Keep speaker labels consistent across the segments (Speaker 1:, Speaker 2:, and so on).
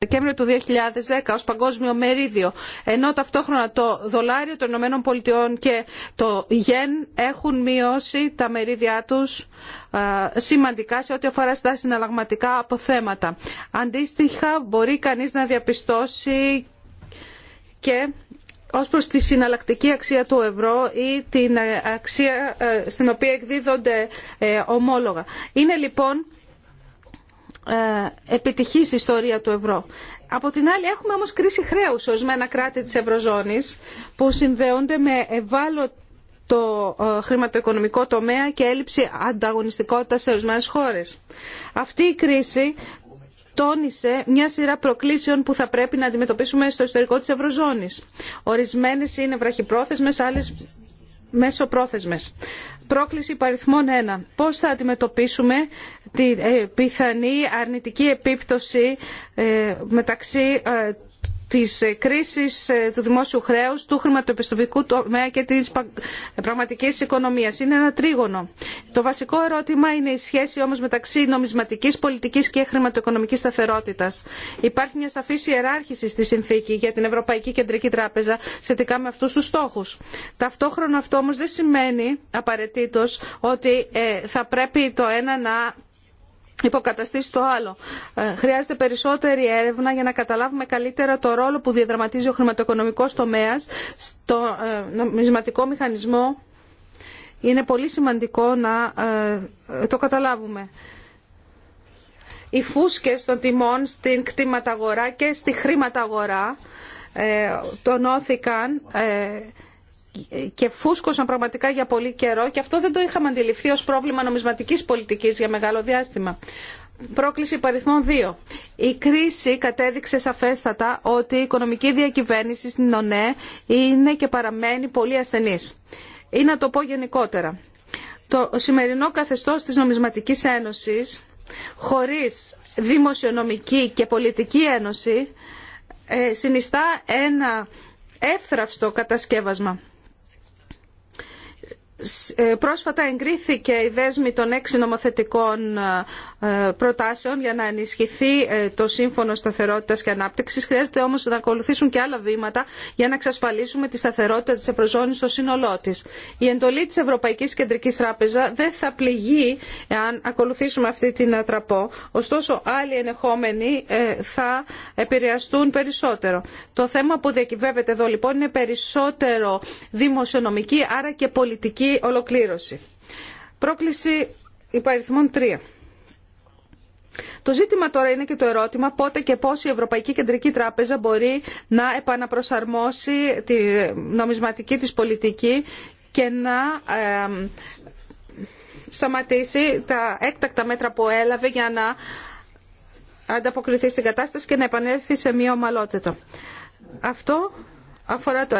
Speaker 1: Δεκέμβριο του 2010 ως παγκόσμιο μερίδιο, ενώ ταυτόχρονα το δολάριο των Ηνωμένων Πολιτειών και το γεν έχουν μειώσει τα μερίδια τους σημαντικά σε ό,τι αφορά στα συναλλαγματικά αποθέματα. Αντίστοιχα μπορεί κανείς να διαπιστώσει και ως προς τη συναλλακτική αξία του ευρώ ή την ε, αξία ε, στην οποία εκδίδονται ε, ομόλογα. Είναι λοιπόν ε, επιτυχής ιστορία του ευρώ. Από την άλλη έχουμε όμως κρίση χρέους ορισμένα κράτη της Ευρωζώνης που συνδέονται με ευάλωτο ε, χρηματοοικονομικό τομέα και έλλειψη ανταγωνιστικότητας σε ορισμένες χώρες. Αυτή η κρίση τόνισε μια σειρά προκλήσεων που θα πρέπει να αντιμετωπίσουμε στο ιστορικό της Ευρωζώνης. Ορισμένες είναι βραχυπρόθεσμες, άλλες μέσοπρόθεσμες. Πρόκληση παριθμών 1. Πώς θα αντιμετωπίσουμε την ε, πιθανή αρνητική επίπτωση ε, μεταξύ ε, Τη ε, κρίση ε, του δημόσιου χρέους, του χρηματοπιστωτικού τομέα και τη πραγματικής οικονομίας. Είναι ένα τρίγωνο. Το βασικό ερώτημα είναι η σχέση όμως μεταξύ νομισματικής πολιτικής και χρηματοοικονομικής σταθερότητα. Υπάρχει μια σαφή ιεράρχηση στη συνθήκη για την Ευρωπαϊκή Κεντρική Τράπεζα σχετικά με αυτού του στόχου. Ταυτόχρονα αυτό όμω δεν σημαίνει απαραίτητο ότι ε, θα πρέπει το ένα να υποκαταστήσει το άλλο. Ε, χρειάζεται περισσότερη έρευνα για να καταλάβουμε καλύτερα το ρόλο που διαδραματίζει ο χρηματοοικονομικός τομέας στο ε, νομισματικό μηχανισμό. Είναι πολύ σημαντικό να ε, το καταλάβουμε. Οι φούσκες των τιμών στην αγορά και στη χρήματα χρηματαγορά τονώθηκαν και φούσκωσαν πραγματικά για πολύ καιρό και αυτό δεν το είχαμε αντιληφθεί ως πρόβλημα νομισματικής πολιτικής για μεγάλο διάστημα. Πρόκληση παριθμών 2. Η κρίση κατέδειξε σαφέστατα ότι η οικονομική διακυβέρνηση στην ΟΝΕ είναι και παραμένει πολύ ασθενής. Ή να το πω γενικότερα. Το σημερινό καθεστώς της Νομισματικής Ένωσης, χωρίς δημοσιονομική και πολιτική ένωση, ε, συνιστά ένα εύθραυστο κατασκεύασμα. Ε, πρόσφατα εγκρίθηκε η δέσμη των έξι νομοθετικών ε, ε, προτάσεων για να ενισχυθεί ε, το Σύμφωνο σταθερότητα και ανάπτυξη. Χρειάζεται όμω να ακολουθήσουν και άλλα βήματα για να εξασφαλίσουμε τη σταθερότητα τη ευρωζώνη στο σύνολό τη. Η εντολή τη Ευρωπαϊκή Κεντρική Τράπεζα δεν θα πληγεί αν ακολουθήσουμε αυτή την ατραπό. Ωστόσο, άλλοι ενεχόμενοι ε, θα επηρεαστούν περισσότερο. Το θέμα που διακυβεύεται εδώ λοιπόν είναι περισσότερο δημοσιονομική, άρα και πολιτική ολοκλήρωση. Πρόκληση υπαριθμών 3 το ζήτημα τώρα είναι και το ερώτημα πότε και πώς η Ευρωπαϊκή Κεντρική Τράπεζα μπορεί να επαναπροσαρμόσει τη νομισματική της πολιτική και να σταματήσει τα έκτακτα μέτρα που έλαβε για να ανταποκριθεί στην κατάσταση και να επανέλθει σε μία ομαλότητα. Αυτό αφορά το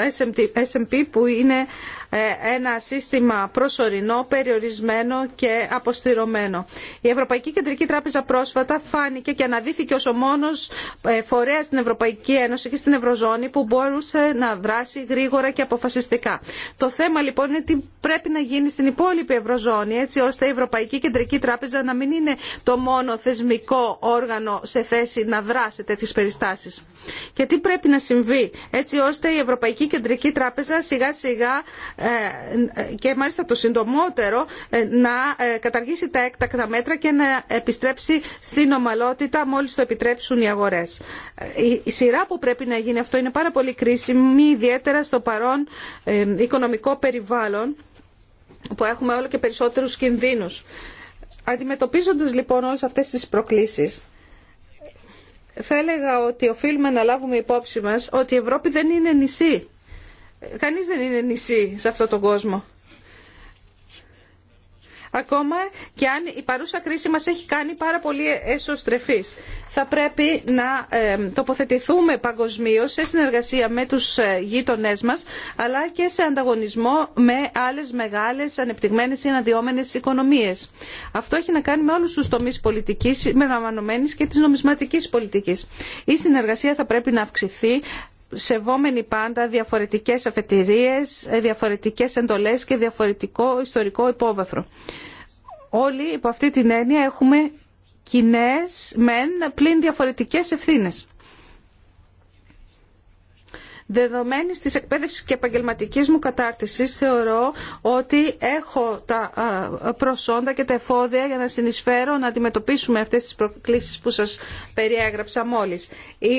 Speaker 1: SMP που είναι ε, ένα σύστημα προσωρινό, περιορισμένο και αποστηρωμένο. Η Ευρωπαϊκή Κεντρική Τράπεζα πρόσφατα φάνηκε και αναδύθηκε ως ο μόνος ε, φορέας στην Ευρωπαϊκή Ένωση και στην Ευρωζώνη που μπορούσε να δράσει γρήγορα και αποφασιστικά. Το θέμα λοιπόν είναι τι πρέπει να γίνει στην υπόλοιπη Ευρωζώνη έτσι ώστε η Ευρωπαϊκή Κεντρική Τράπεζα να μην είναι το μόνο θεσμικό όργανο σε θέση να δράσει τέτοιες περιστάσεις. Και τι πρέπει να συμβεί έτσι ώστε η Ευρωπαϊκή Κεντρική Τράπεζα σιγά σιγά ε, και μάλιστα το συντομότερο ε, να ε, καταργήσει τα έκτακτα μέτρα και να επιστρέψει στην ομαλότητα μόλις το επιτρέψουν οι αγορές. Η σειρά που πρέπει να γίνει αυτό είναι πάρα πολύ κρίσιμη, ιδιαίτερα στο παρόν οικονομικό περιβάλλον που έχουμε όλο και περισσότερους κινδύνους. Αντιμετωπίζοντας λοιπόν όλες αυτές τις προκλήσεις, θα έλεγα ότι οφείλουμε να λάβουμε υπόψη μας ότι η Ευρώπη δεν είναι νησί. Κανείς δεν είναι νησί σε αυτόν τον κόσμο. Ακόμα και αν η παρούσα κρίση μας έχει κάνει πάρα πολύ εσωστρεφείς. Θα πρέπει να ε, τοποθετηθούμε παγκοσμίω σε συνεργασία με τους ε, γείτονές μας, αλλά και σε ανταγωνισμό με άλλες μεγάλες ανεπτυγμένες ή αναδυόμενες οικονομίες. Αυτό έχει να κάνει με όλους τους τομείς πολιτικής, με και της νομισματικής πολιτικής. Η συνεργασία θα πρέπει να αυξηθεί σεβόμενοι πάντα διαφορετικές αφετηρίες, διαφορετικές εντολές και διαφορετικό ιστορικό υπόβαθρο. Όλοι υπό αυτή την έννοια έχουμε κοινέ μεν πλην διαφορετικές ευθύνες. Δεδομένης της εκπαίδευση και επαγγελματική μου κατάρτισης θεωρώ ότι έχω τα προσόντα και τα εφόδια για να συνεισφέρω να αντιμετωπίσουμε αυτές τις προκλήσεις που σας περιέγραψα μόλις.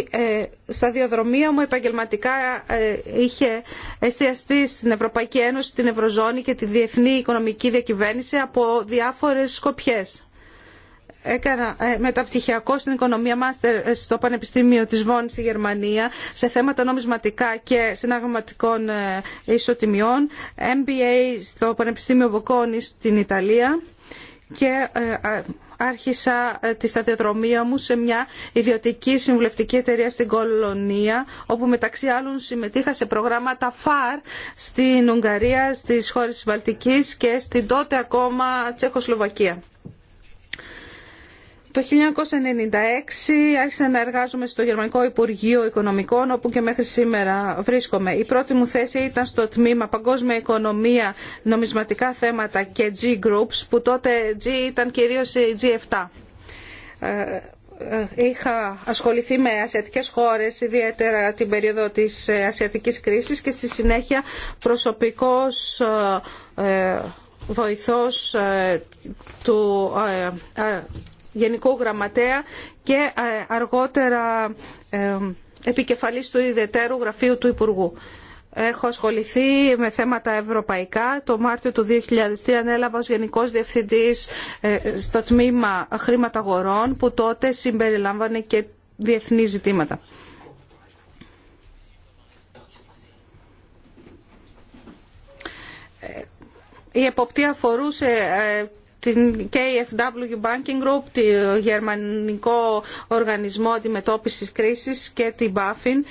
Speaker 1: Ε, στα διοδρομία μου επαγγελματικά ε, είχε εστιαστεί στην Ευρωπαϊκή Ένωση, την Ευρωζώνη και τη διεθνή οικονομική διακυβέρνηση από διάφορε σκοπιές έκανα ε, μεταπτυχιακό στην οικονομία μάστερ στο Πανεπιστήμιο της ΒΟΝ στη Γερμανία σε θέματα νομισματικά και συναγματικών ε, ισοτιμιών, MBA στο Πανεπιστήμιο Βοκόνη στην Ιταλία και ε, άρχισα τη σταδιοδρομία μου σε μια ιδιωτική συμβουλευτική εταιρεία στην Κολονία, όπου μεταξύ άλλων συμμετείχα σε προγράμματα ΦΑΡ στην Ουγγαρία, στις χώρες της Βαλτικής και στην τότε ακόμα Τσεχοσλοβακία. Το 1996 άρχισα να εργάζομαι στο Γερμανικό Υπουργείο Οικονομικών, όπου και μέχρι σήμερα βρίσκομαι. Η πρώτη μου θέση ήταν στο τμήμα Παγκόσμια Οικονομία, Νομισματικά Θέματα και G-Groups, που τότε G ήταν κυρίως η G7. Ε, ε, είχα ασχοληθεί με ασιατικές χώρες, ιδιαίτερα την περίοδο της ε, ασιατικής κρίσης και στη συνέχεια προσωπικός βοηθός του Γενικού Γραμματέα και ε, αργότερα ε, επικεφαλής του Ιδιαιτέρου Γραφείου του Υπουργού. Έχω ασχοληθεί με θέματα ευρωπαϊκά. Το Μάρτιο του 2003 ανέλαβα ως Γενικός Διευθυντής ε, στο τμήμα Χρήματα Αγορών που τότε συμπεριλάμβανε και διεθνή ζητήματα. Η εποπτεία αφορούσε την KFW Banking Group, το γερμανικό οργανισμό αντιμετώπισης κρίσης και την BaFin.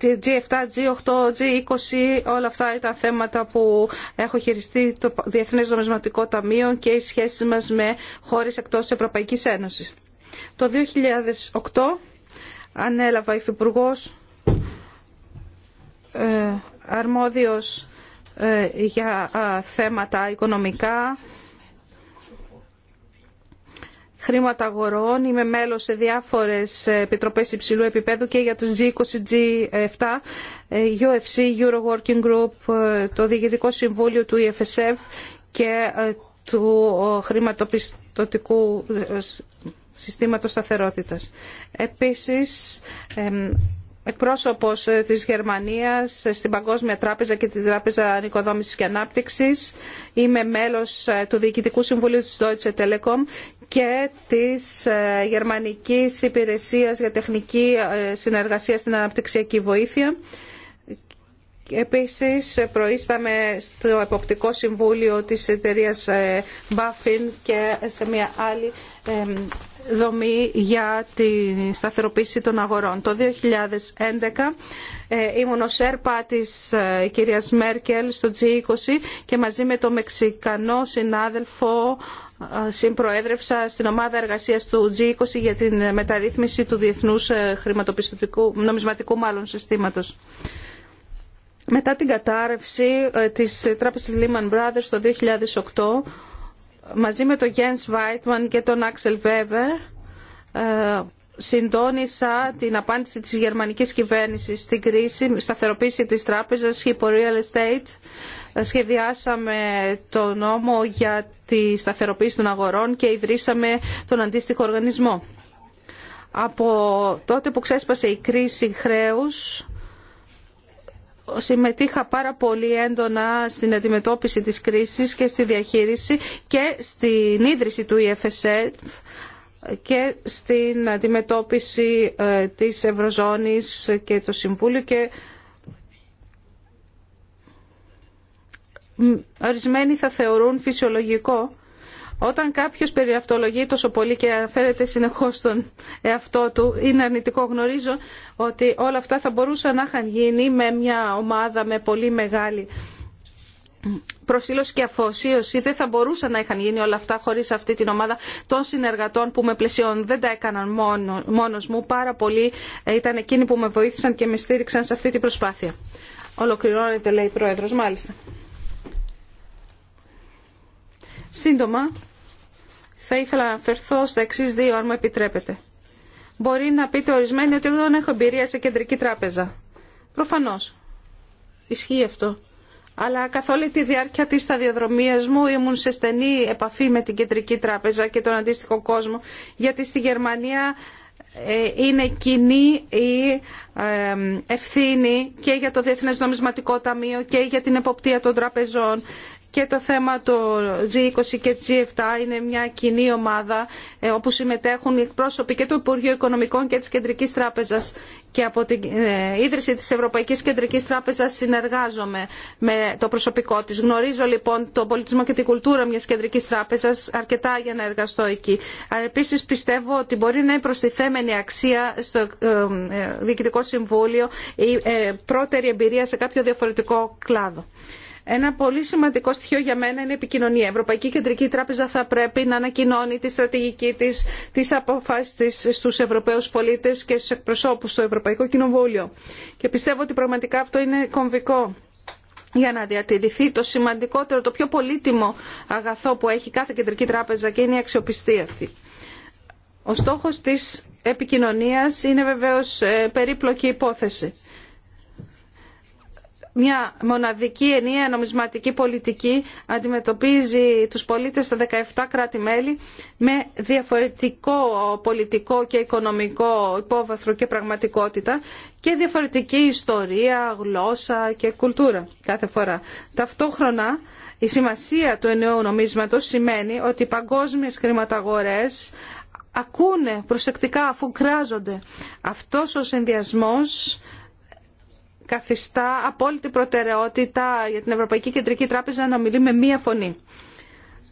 Speaker 1: G7, G8, G20, όλα αυτά ήταν θέματα που έχω χειριστεί το Διεθνές Δομισματικό Ταμείο και οι σχέσεις μας με χώρες εκτός της Ευρωπαϊκής Ένωσης. Το 2008 ανέλαβα υφυπουργό ε, αρμόδιος για θέματα οικονομικά χρήματα αγορών. Είμαι μέλος σε διάφορες επιτροπέ υψηλού επίπεδου και για τους G20, G7, UFC, Euro Working Group, το Διοικητικό Συμβούλιο του EFSF και ε, του χρηματοπιστωτικού ε, συστήματος σταθερότητας. Επίσης, εκπρόσωπος ε, της Γερμανίας ε, στην Παγκόσμια Τράπεζα και την Τράπεζα Νοικοδόμησης και Ανάπτυξης. Είμαι μέλος ε, του Διοικητικού Συμβουλίου της Deutsche Telekom και της Γερμανικής Υπηρεσίας για Τεχνική Συνεργασία στην Αναπτυξιακή Βοήθεια. Επίσης προείσταμε στο Εποπτικό Συμβούλιο της εταιρείας Buffin και σε μια άλλη δομή για τη σταθεροποίηση των αγορών. Το 2011 ε, ήμουν ο ΣΕΡΠΑ της ε, κυρίας Μέρκελ στο G20 και μαζί με τον Μεξικανό συνάδελφο ε, συμπροέδρευσα στην ομάδα εργασίας του G20 για την μεταρρύθμιση του διεθνούς χρηματοπιστωτικού, νομισματικού μάλλον συστήματος. Μετά την κατάρρευση της τράπεζας Lehman Brothers το 2008 μαζί με τον Γένς Βάιτμαν και τον Άξελ Βέβερ ε, συντόνισα την απάντηση της γερμανικής κυβέρνησης στην κρίση, σταθεροποίηση της τράπεζας, Hippo Real Estate. Ε, σχεδιάσαμε το νόμο για τη σταθεροποίηση των αγορών και ιδρύσαμε τον αντίστοιχο οργανισμό. Από τότε που ξέσπασε η κρίση χρέους, συμμετείχα πάρα πολύ έντονα στην αντιμετώπιση της κρίσης και στη διαχείριση και στην ίδρυση του EFSF και στην αντιμετώπιση ε, της Ευρωζώνης και το Συμβούλιο και ορισμένοι θα θεωρούν φυσιολογικό όταν κάποιο περιαυτολογεί τόσο πολύ και αναφέρεται συνεχώ στον εαυτό του, είναι αρνητικό. Γνωρίζω ότι όλα αυτά θα μπορούσαν να είχαν γίνει με μια ομάδα με πολύ μεγάλη προσήλωση και αφοσίωση. Δεν θα μπορούσαν να είχαν γίνει όλα αυτά χωρί αυτή την ομάδα των συνεργατών που με πλαισιών. Δεν τα έκαναν μόνο, μόνος μου. Πάρα πολλοί ε, ήταν εκείνοι που με βοήθησαν και με στήριξαν σε αυτή την προσπάθεια. Ολοκληρώνεται, λέει η Πρόεδρος, μάλιστα. Σύντομα, θα ήθελα να αφαιρθώ στα εξή δύο, αν μου επιτρέπετε. Μπορεί να πείτε ορισμένοι ότι εγώ δεν έχω εμπειρία σε κεντρική τράπεζα. Προφανώς. Ισχύει αυτό. Αλλά καθ' όλη τη διάρκεια της σταδιοδρομίας μου ήμουν σε στενή επαφή με την Κεντρική Τράπεζα και τον αντίστοιχο κόσμο, γιατί στη Γερμανία ε, είναι κοινή η ε, ευθύνη και για το Διεθνές Νομισματικό Ταμείο και για την εποπτεία των τραπεζών και το θέμα του G20 και G7 είναι μια κοινή ομάδα ε, όπου συμμετέχουν οι εκπρόσωποι και του Υπουργείου Οικονομικών και της Κεντρικής Τράπεζας και από την ε, ίδρυση της Ευρωπαϊκής Κεντρικής Τράπεζας συνεργάζομαι με το προσωπικό της. Γνωρίζω λοιπόν τον πολιτισμό και την κουλτούρα μιας Κεντρικής Τράπεζας αρκετά για να εργαστώ εκεί. Αλλά επίσης πιστεύω ότι μπορεί να είναι προστιθέμενη αξία στο ε, Διοικητικό Συμβούλιο η πρώτερη εμπειρία σε κάποιο διαφορετικό κλάδο. Ένα πολύ σημαντικό στοιχείο για μένα είναι η επικοινωνία. Η Ευρωπαϊκή Κεντρική Τράπεζα θα πρέπει να ανακοινώνει τη στρατηγική τη τι αποφάσει τη στους Ευρωπαίους πολίτες και στου εκπροσώπου στο Ευρωπαϊκό Κοινοβούλιο. Και πιστεύω ότι πραγματικά αυτό είναι κομβικό για να διατηρηθεί το σημαντικότερο, το πιο πολύτιμο αγαθό που έχει κάθε κεντρική τράπεζα και είναι η αξιοπιστία αυτή. Ο στόχος της επικοινωνίας είναι βεβαίως ε, περίπλοκη υπόθεση μια μοναδική ενιαία νομισματική πολιτική αντιμετωπίζει τους πολίτες στα 17 κράτη-μέλη με διαφορετικό πολιτικό και οικονομικό υπόβαθρο και πραγματικότητα και διαφορετική ιστορία, γλώσσα και κουλτούρα κάθε φορά. Ταυτόχρονα η σημασία του ενιαίου νομίσματος σημαίνει ότι οι παγκόσμιες χρηματαγορές ακούνε προσεκτικά αφού κράζονται. Αυτός ο συνδυασμός καθιστά απόλυτη προτεραιότητα για την Ευρωπαϊκή Κεντρική Τράπεζα να μιλεί με μία φωνή.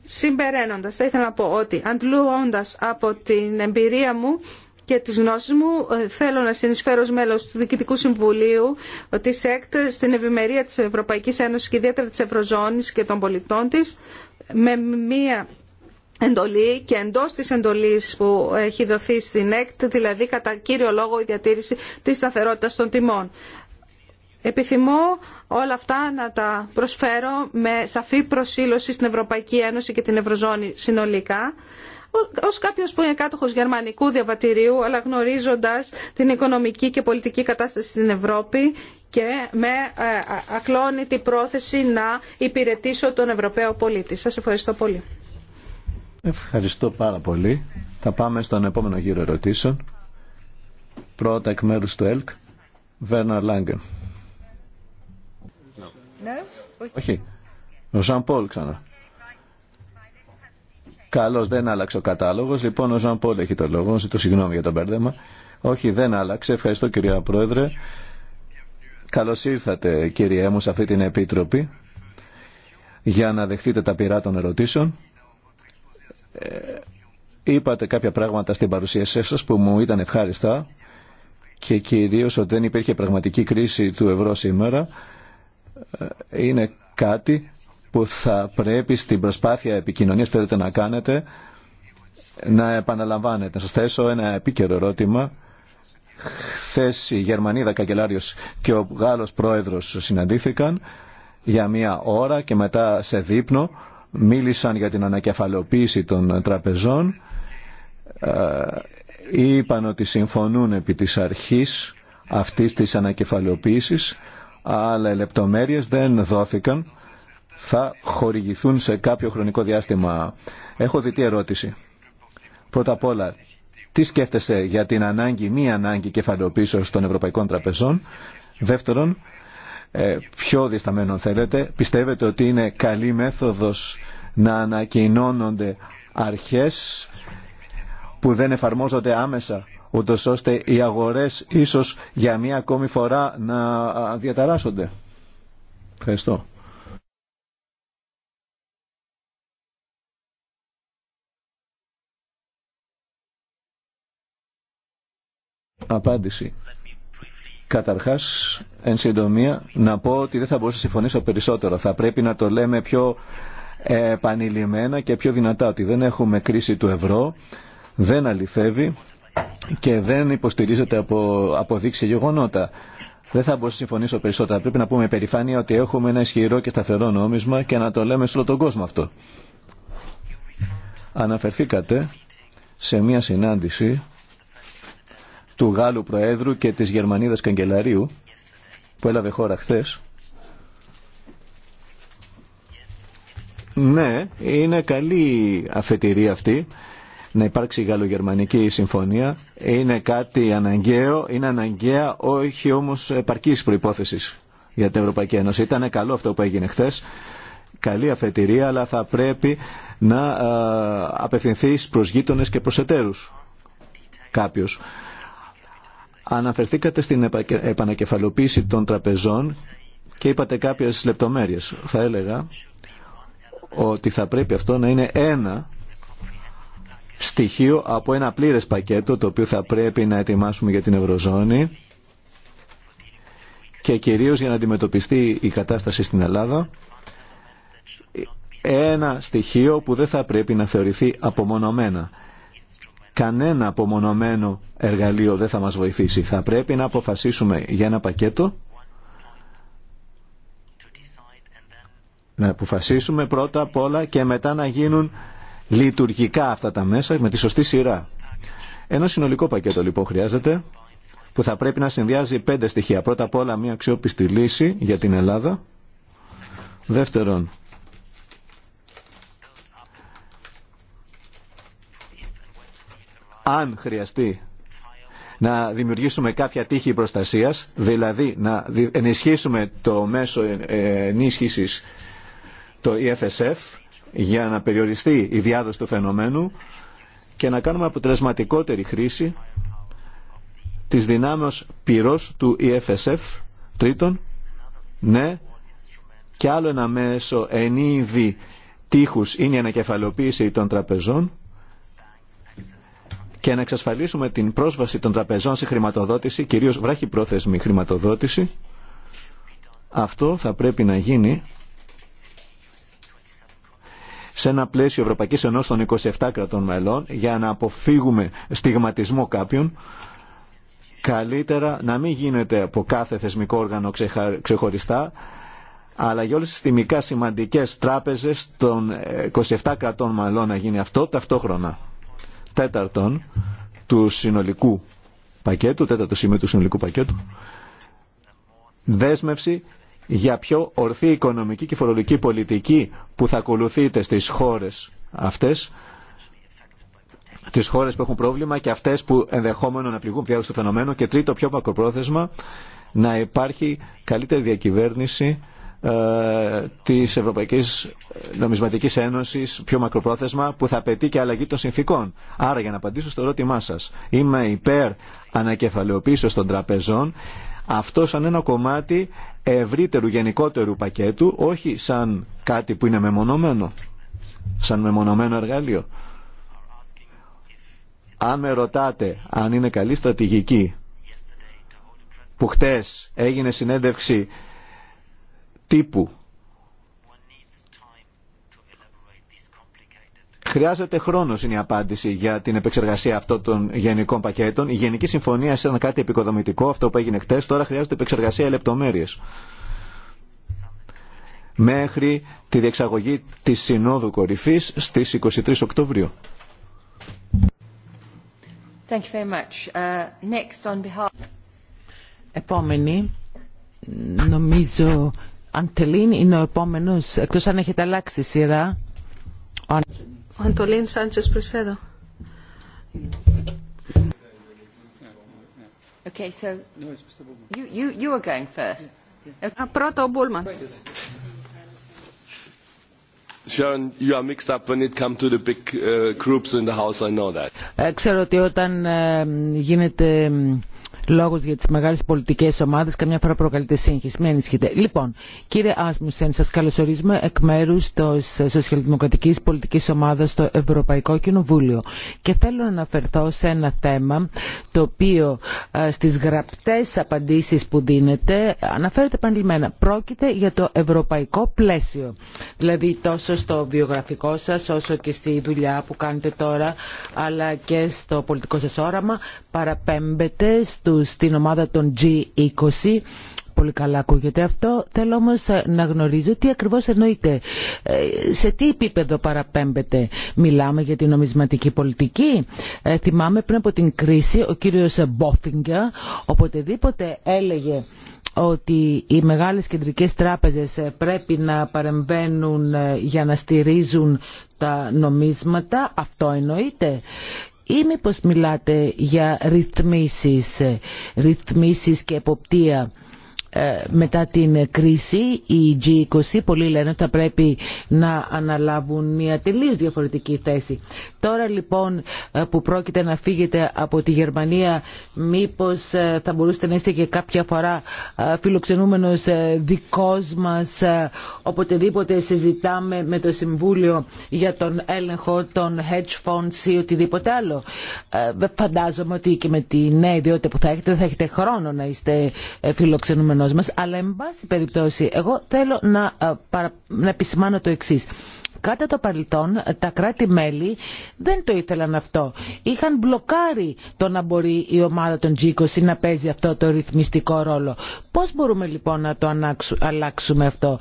Speaker 1: Συμπεραίνοντας, θα ήθελα να πω ότι αντλούοντας από την εμπειρία μου και τις γνώσεις μου ε, θέλω να συνεισφέρω ως μέλος του Διοικητικού Συμβουλίου τη ΕΚΤ στην ευημερία της Ευρωπαϊκής Ένωσης και ιδιαίτερα της Ευρωζώνης και των πολιτών της με μία εντολή και εντός τη εντολή που έχει δοθεί στην ΕΚΤ, δηλαδή κατά κύριο λόγο η διατήρηση τη σταθερότητα των τιμών. Επιθυμώ όλα αυτά να τα προσφέρω με σαφή προσήλωση στην Ευρωπαϊκή Ένωση και την Ευρωζώνη συνολικά ως κάποιος που είναι κάτοχος γερμανικού διαβατηρίου αλλά γνωρίζοντας την οικονομική και πολιτική κατάσταση στην Ευρώπη και με ε, ακλόνητη πρόθεση να υπηρετήσω τον Ευρωπαίο πολίτη. Σας ευχαριστώ πολύ.
Speaker 2: Ευχαριστώ πάρα πολύ. Θα πάμε στον επόμενο γύρο ερωτήσεων. Πρώτα εκ μέρους του ΕΛΚ, Βέρνα Λάγκεν. Ναι, όχι. Ο Ζαν Πολ ξανά. Καλώς δεν άλλαξε ο κατάλογος. Λοιπόν, ο Ζαν Πολ έχει το λόγο. Ζητώ συγγνώμη για το μπέρδεμα. Όχι, δεν άλλαξε. Ευχαριστώ κυρία Πρόεδρε. Καλώς ήρθατε κύριε μου σε αυτή την Επίτροπη για να δεχτείτε τα πειρά των ερωτήσεων. Ε, είπατε κάποια πράγματα στην παρουσίασή σας που μου ήταν ευχάριστα και κυρίως ότι δεν υπήρχε πραγματική κρίση του ευρώ σήμερα είναι κάτι που θα πρέπει στην προσπάθεια επικοινωνίας που θέλετε να κάνετε να επαναλαμβάνετε. Να σας θέσω ένα επίκαιρο ερώτημα. Χθε η Γερμανίδα Καγκελάριος και ο Γάλλος Πρόεδρος συναντήθηκαν για μία ώρα και μετά σε δείπνο μίλησαν για την ανακεφαλαιοποίηση των τραπεζών ε, είπαν ότι συμφωνούν επί της αρχής αυτής της ανακεφαλαιοποίησης αλλά οι λεπτομέρειες δεν δόθηκαν, θα χορηγηθούν σε κάποιο χρονικό διάστημα. Έχω δει ερώτηση. Πρώτα απ' όλα, τι σκέφτεσαι για την ανάγκη, μία ανάγκη κεφαλαιοποίησης των Ευρωπαϊκών Τραπεζών. Δεύτερον, ε, πιο δισταμένο θέλετε, πιστεύετε ότι είναι καλή μέθοδος να ανακοινώνονται αρχές που δεν εφαρμόζονται άμεσα ούτως ώστε οι αγορές ίσως για μία ακόμη φορά να διαταράσσονται. Ευχαριστώ. Απάντηση. Καταρχάς, εν συντομία, να πω ότι δεν θα μπορούσα να συμφωνήσω περισσότερο. Θα πρέπει να το λέμε πιο επανειλημμένα και πιο δυνατά ότι δεν έχουμε κρίση του ευρώ, δεν αληθεύει και δεν υποστηρίζεται από αποδείξει γεγονότα. Δεν θα μπορούσα να συμφωνήσω περισσότερα. Πρέπει να πούμε περηφάνεια ότι έχουμε ένα ισχυρό και σταθερό νόμισμα και να το λέμε σε όλο τον κόσμο αυτό. Αναφερθήκατε σε μια συνάντηση του Γάλλου Προέδρου και της Γερμανίδας Καγκελαρίου που έλαβε χώρα χθες. Ναι, είναι καλή αφετηρία αυτή να υπάρξει η γαλλογερμανική συμφωνία. Είναι κάτι αναγκαίο, είναι αναγκαία, όχι όμως επαρκής προϋπόθεσης για την Ευρωπαϊκή Ένωση. Ήταν καλό αυτό που έγινε χθε. καλή αφετηρία, αλλά θα πρέπει να απευθυνθεί προς γείτονες και προς εταίρους κάποιος. Αναφερθήκατε στην επανακεφαλοποίηση των τραπεζών και είπατε κάποιες λεπτομέρειες. Θα έλεγα ότι θα πρέπει αυτό να είναι ένα στοιχείο από ένα πλήρες πακέτο το οποίο θα πρέπει να ετοιμάσουμε για την Ευρωζώνη και κυρίως για να αντιμετωπιστεί η κατάσταση στην Ελλάδα ένα στοιχείο που δεν θα πρέπει να θεωρηθεί απομονωμένα. Κανένα απομονωμένο εργαλείο δεν θα μας βοηθήσει. Θα πρέπει να αποφασίσουμε για ένα πακέτο να αποφασίσουμε πρώτα απ' όλα και μετά να γίνουν λειτουργικά αυτά τα μέσα με τη σωστή σειρά. Ένα συνολικό πακέτο λοιπόν χρειάζεται που θα πρέπει να συνδυάζει πέντε στοιχεία. Πρώτα απ' όλα μια αξιόπιστη λύση για την Ελλάδα. Δεύτερον, αν χρειαστεί να δημιουργήσουμε κάποια τύχη προστασίας, δηλαδή να ενισχύσουμε το μέσο ε, ε, ενίσχυσης το EFSF για να περιοριστεί η διάδοση του φαινομένου και να κάνουμε αποτελεσματικότερη χρήση της δυνάμεως πυρός του EFSF. Τρίτον, ναι, και άλλο ένα μέσο είδη τείχους είναι η ανακεφαλοποίηση των τραπεζών και να εξασφαλίσουμε την πρόσβαση των τραπεζών σε χρηματοδότηση, κυρίως βράχη πρόθεσμη χρηματοδότηση. Αυτό θα πρέπει να γίνει σε ένα πλαίσιο Ευρωπαϊκής Ενώση των 27 κρατών μελών για να αποφύγουμε στιγματισμό κάποιων καλύτερα να μην γίνεται από κάθε θεσμικό όργανο ξεχωριστά αλλά για όλες τις θυμικά σημαντικές τράπεζες των 27 κρατών μελών να γίνει αυτό ταυτόχρονα. Τέταρτον, του συνολικού πακέτου, τέταρτο σημείο του συνολικού πακέτου, δέσμευση για πιο ορθή οικονομική και φορολογική πολιτική που θα ακολουθείτε στις χώρες αυτές, τις χώρες που έχουν πρόβλημα και αυτές που ενδεχόμενο να πληγούν πια στο φαινομένο και τρίτο πιο μακροπρόθεσμα να υπάρχει καλύτερη διακυβέρνηση ε, της Ευρωπαϊκής Νομισματικής Ένωσης πιο μακροπρόθεσμα που θα απαιτεί και αλλαγή των συνθήκων. Άρα για να απαντήσω στο ερώτημά σας, είμαι υπέρ ανακεφαλαιοποίησης των τραπεζών αυτό σαν ένα κομμάτι ευρύτερου γενικότερου πακέτου, όχι σαν κάτι που είναι μεμονωμένο, σαν μεμονωμένο εργαλείο. Αν με ρωτάτε αν είναι καλή στρατηγική που χτες έγινε συνέντευξη τύπου Χρειάζεται χρόνο είναι η απάντηση για την επεξεργασία αυτών των γενικών πακέτων. Η Γενική Συμφωνία ήταν κάτι επικοδομητικό, αυτό που έγινε χτε. Τώρα χρειάζεται επεξεργασία λεπτομέρειε. Μέχρι τη διεξαγωγή τη Συνόδου Κορυφή στι 23 Οκτωβρίου.
Speaker 3: Thank you very much. Uh, next on behalf... Επόμενη, νομίζω, Αντελίν είναι ο επόμενος, εκτός αν έχετε αλλάξει τη σειρά.
Speaker 1: Ο Αντολίν Σάντσες Πρεσέδο. Okay, so you, you, you are going first. Πρώτο ο Μπούλμαν.
Speaker 2: Sharon, you are mixed up when it comes to the big groups in the house. I know that.
Speaker 3: Ξέρω ότι όταν γίνεται Λόγο για τι μεγάλε πολιτικέ ομάδε, καμιά φορά προκαλείται σύγχυση. Μην ενισχύετε. Λοιπόν, κύριε Άσμουσεν, σα καλωσορίζουμε εκ μέρου τη Σοσιαλδημοκρατική πολιτική ομάδα στο Ευρωπαϊκό Κοινοβούλιο. Και θέλω να αναφερθώ σε ένα θέμα το οποίο ε, στι γραπτέ απαντήσει που δίνεται αναφέρεται επανειλημμένα. Πρόκειται για το ευρωπαϊκό πλαίσιο. Δηλαδή τόσο στο βιογραφικό σα όσο και στη δουλειά που κάνετε τώρα αλλά και στο πολιτικό σα όραμα παραπέμπεται του στην ομάδα των G20 πολύ καλά ακούγεται αυτό. Θέλω όμω ε, να γνωρίζω τι ακριβώ εννοείται. Ε, σε τι επίπεδο παραπέμπεται. Μιλάμε για την νομισματική πολιτική. Ε, θυμάμαι πριν από την κρίση ο κύριο Μπόφιγκα οποτεδήποτε έλεγε ότι οι μεγάλες κεντρικές τράπεζες πρέπει να παρεμβαίνουν για να στηρίζουν τα νομίσματα, αυτό εννοείται ή μήπως μιλάτε για ρυθμίσεις, ρυθμίσεις και εποπτεία ε, μετά την κρίση οι G20 πολλοί λένε ότι θα πρέπει να αναλάβουν μια τελείως διαφορετική θέση. Τώρα λοιπόν ε, που πρόκειται να φύγετε από τη Γερμανία μήπως ε, θα μπορούσατε να είστε και κάποια φορά φιλοξενούμενος δικός μας οποτεδήποτε συζητάμε με το Συμβούλιο για τον έλεγχο των hedge funds ή οτιδήποτε άλλο. Φαντάζομαι ότι και με τη νέα ιδιότητα που θα έχετε θα έχετε χρόνο να είστε φιλοξενούμενος αλλά εν πάση περιπτώσει εγώ θέλω να, ε, να επισημάνω το εξή. κάτω το παρελθόν ε, τα κράτη-μέλη δεν το ήθελαν αυτό. Είχαν μπλοκάρει το να μπορεί η ομάδα των G20 να παίζει αυτό το ρυθμιστικό ρόλο. Πώς μπορούμε λοιπόν να το αλλάξουμε αυτό.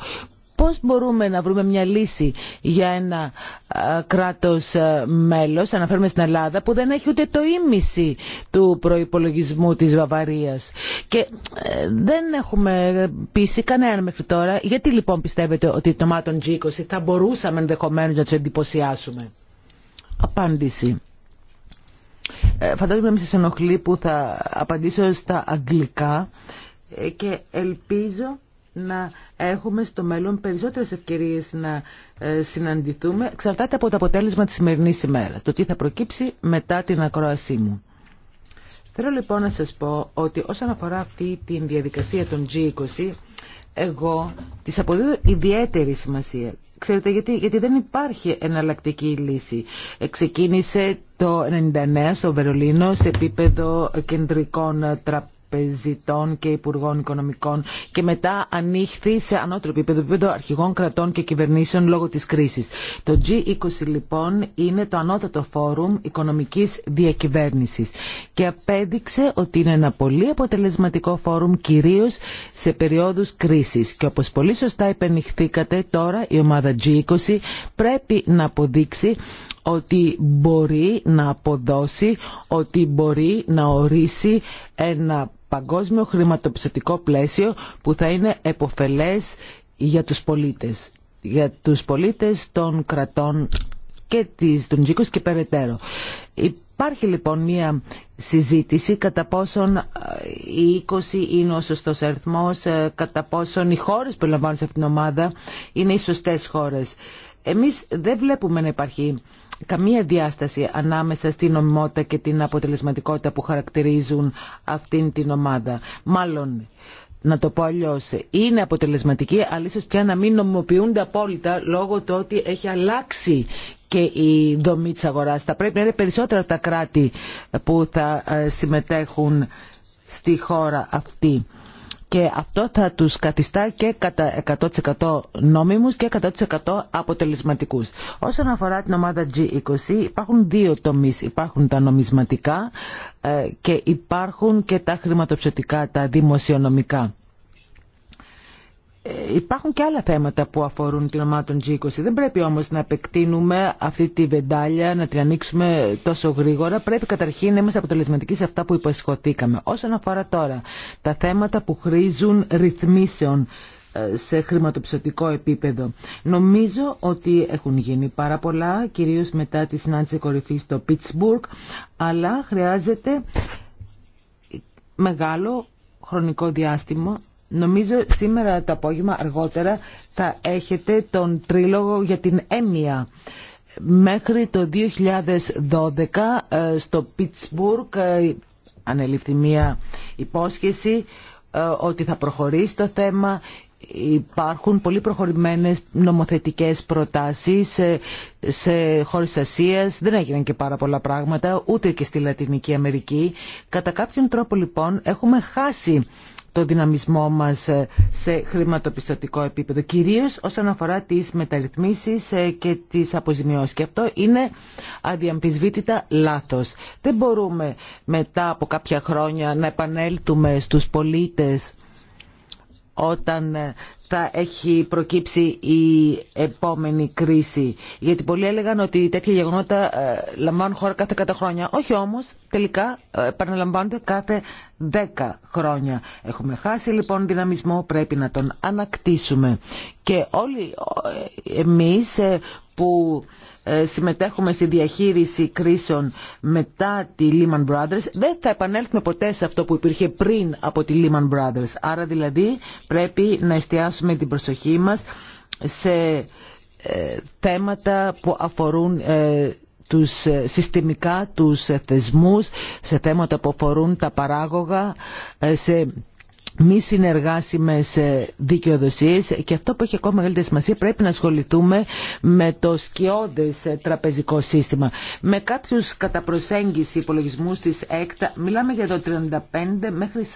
Speaker 3: Πώς μπορούμε να βρούμε μια λύση για ένα κράτος μέλος, αναφέρουμε στην Ελλάδα, που δεν έχει ούτε το ίμιση του προϋπολογισμού της Βαβαρίας. Και ε, δεν έχουμε πείσει κανέναν μέχρι τώρα. Γιατί λοιπόν πιστεύετε ότι το Μάτων G20 θα μπορούσαμε ενδεχομένω να του εντυπωσιάσουμε. Απάντηση. Ε, φαντάζομαι να μην σας ενοχλεί που θα απαντήσω στα αγγλικά ε, και ελπίζω να έχουμε στο μέλλον περισσότερες ευκαιρίες να ε, συναντηθούμε εξαρτάται από το αποτέλεσμα της σημερινή ημέρα, το τι θα προκύψει μετά την ακρόασή μου. Θέλω λοιπόν να σας πω ότι όσον αφορά αυτή τη διαδικασία των G20 εγώ της αποδίδω ιδιαίτερη σημασία. Ξέρετε γιατί, γιατί δεν υπάρχει εναλλακτική λύση. Ξεκίνησε το 99 στο Βερολίνο σε επίπεδο κεντρικών ε, τραπεζών τραπεζιτών και υπουργών οικονομικών και μετά ανοίχθη σε ανώτερο επίπεδο, αρχηγών κρατών και κυβερνήσεων λόγω της κρίσης. Το G20 λοιπόν είναι το ανώτατο φόρουμ οικονομικής διακυβέρνησης και απέδειξε ότι είναι ένα πολύ αποτελεσματικό φόρουμ κυρίως σε περιόδους κρίσης και όπως πολύ σωστά υπενηχθήκατε τώρα η ομάδα G20 πρέπει να αποδείξει ότι μπορεί να αποδώσει, ότι μπορεί να ορίσει ένα παγκόσμιο χρηματοπιστωτικό πλαίσιο που θα είναι εποφελές για τους πολίτες, για τους πολίτες των κρατών και της Τουντζίκος και περαιτέρω. Υπάρχει λοιπόν μία συζήτηση κατά πόσον ε, οι 20 είναι ο σωστό αριθμό, ε, κατά πόσον οι χώρες που λαμβάνουν σε αυτήν την ομάδα είναι οι σωστές χώρες. Εμείς δεν βλέπουμε να υπάρχει καμία διάσταση ανάμεσα στην νομιμότητα και την αποτελεσματικότητα που χαρακτηρίζουν αυτήν την ομάδα. Μάλλον, να το πω αλλιώ, είναι αποτελεσματική, αλλά ίσω πια να μην νομιμοποιούνται απόλυτα λόγω του ότι έχει αλλάξει και η δομή τη αγορά. Θα πρέπει να είναι περισσότερα τα κράτη που θα ε, συμμετέχουν στη χώρα αυτή και αυτό θα τους καθιστά και κατά 100% νόμιμους και 100% αποτελεσματικούς. Όσον αφορά την ομάδα G20 υπάρχουν δύο τομείς. Υπάρχουν τα νομισματικά ε, και υπάρχουν και τα χρηματοψηφιακά, τα δημοσιονομικά. Ε, υπάρχουν και άλλα θέματα που αφορούν την ομάδα των G20. Δεν πρέπει όμως να επεκτείνουμε αυτή τη βεντάλια, να την ανοίξουμε τόσο γρήγορα. Πρέπει καταρχήν να είμαστε αποτελεσματικοί σε αυτά που υποσχοθήκαμε. Όσον αφορά τώρα τα θέματα που χρήζουν ρυθμίσεων ε, σε χρηματοπιστωτικό επίπεδο. Νομίζω ότι έχουν γίνει πάρα πολλά, κυρίως μετά τη συνάντηση κορυφή στο Πίτσμπουργκ, αλλά χρειάζεται μεγάλο χρονικό διάστημα Νομίζω σήμερα το απόγευμα αργότερα θα έχετε τον τρίλογο για την έννοια. Μέχρι το 2012 ε, στο Πιτσμπουργκ ε, ανελήφθη μία υπόσχεση ε, ότι θα προχωρήσει το θέμα. Υπάρχουν πολύ προχωρημένες νομοθετικές προτάσεις σε χώρες Ασίας. Δεν έγιναν και πάρα πολλά πράγματα, ούτε και στη Λατινική Αμερική. Κατά κάποιον τρόπο λοιπόν έχουμε χάσει το δυναμισμό μας ε, σε χρηματοπιστωτικό επίπεδο, κυρίως όσον αφορά τις μεταρρυθμίσεις ε, και τις αποζημιώσεις. Και αυτό είναι αδιαμπισβήτητα λάθος. Δεν μπορούμε μετά από κάποια χρόνια να επανέλθουμε στους πολίτες όταν ε, θα έχει προκύψει η επόμενη κρίση. Γιατί πολλοί έλεγαν ότι τέτοια γεγονότα ε, λαμβάνουν χώρα κάθε 100 χρόνια. Όχι όμως, τελικά ε, επαναλαμβάνονται κάθε 10 χρόνια. Έχουμε χάσει λοιπόν δυναμισμό, πρέπει να τον ανακτήσουμε. Και όλοι ε, εμείς που ε, συμμετέχουμε στη διαχείριση κρίσεων μετά τη Lehman Brothers δεν θα επανέλθουμε ποτέ σε αυτό που υπήρχε πριν από τη Lehman Brothers. Άρα δηλαδή πρέπει να εστιάσουμε την προσοχή μας σε ε, θέματα που αφορούν ε, τους συστημικά τους θεσμούς, σε θέματα που αφορούν τα παράγωγα, σε μη συνεργάσιμες ε, δικαιοδοσίες και αυτό που έχει ακόμα μεγαλύτερη σημασία πρέπει να ασχοληθούμε με το σκιώδες ε, τραπεζικό σύστημα. Με κάποιους κατά προσέγγιση υπολογισμού της ΕΚΤΑ μιλάμε για το 35 μέχρι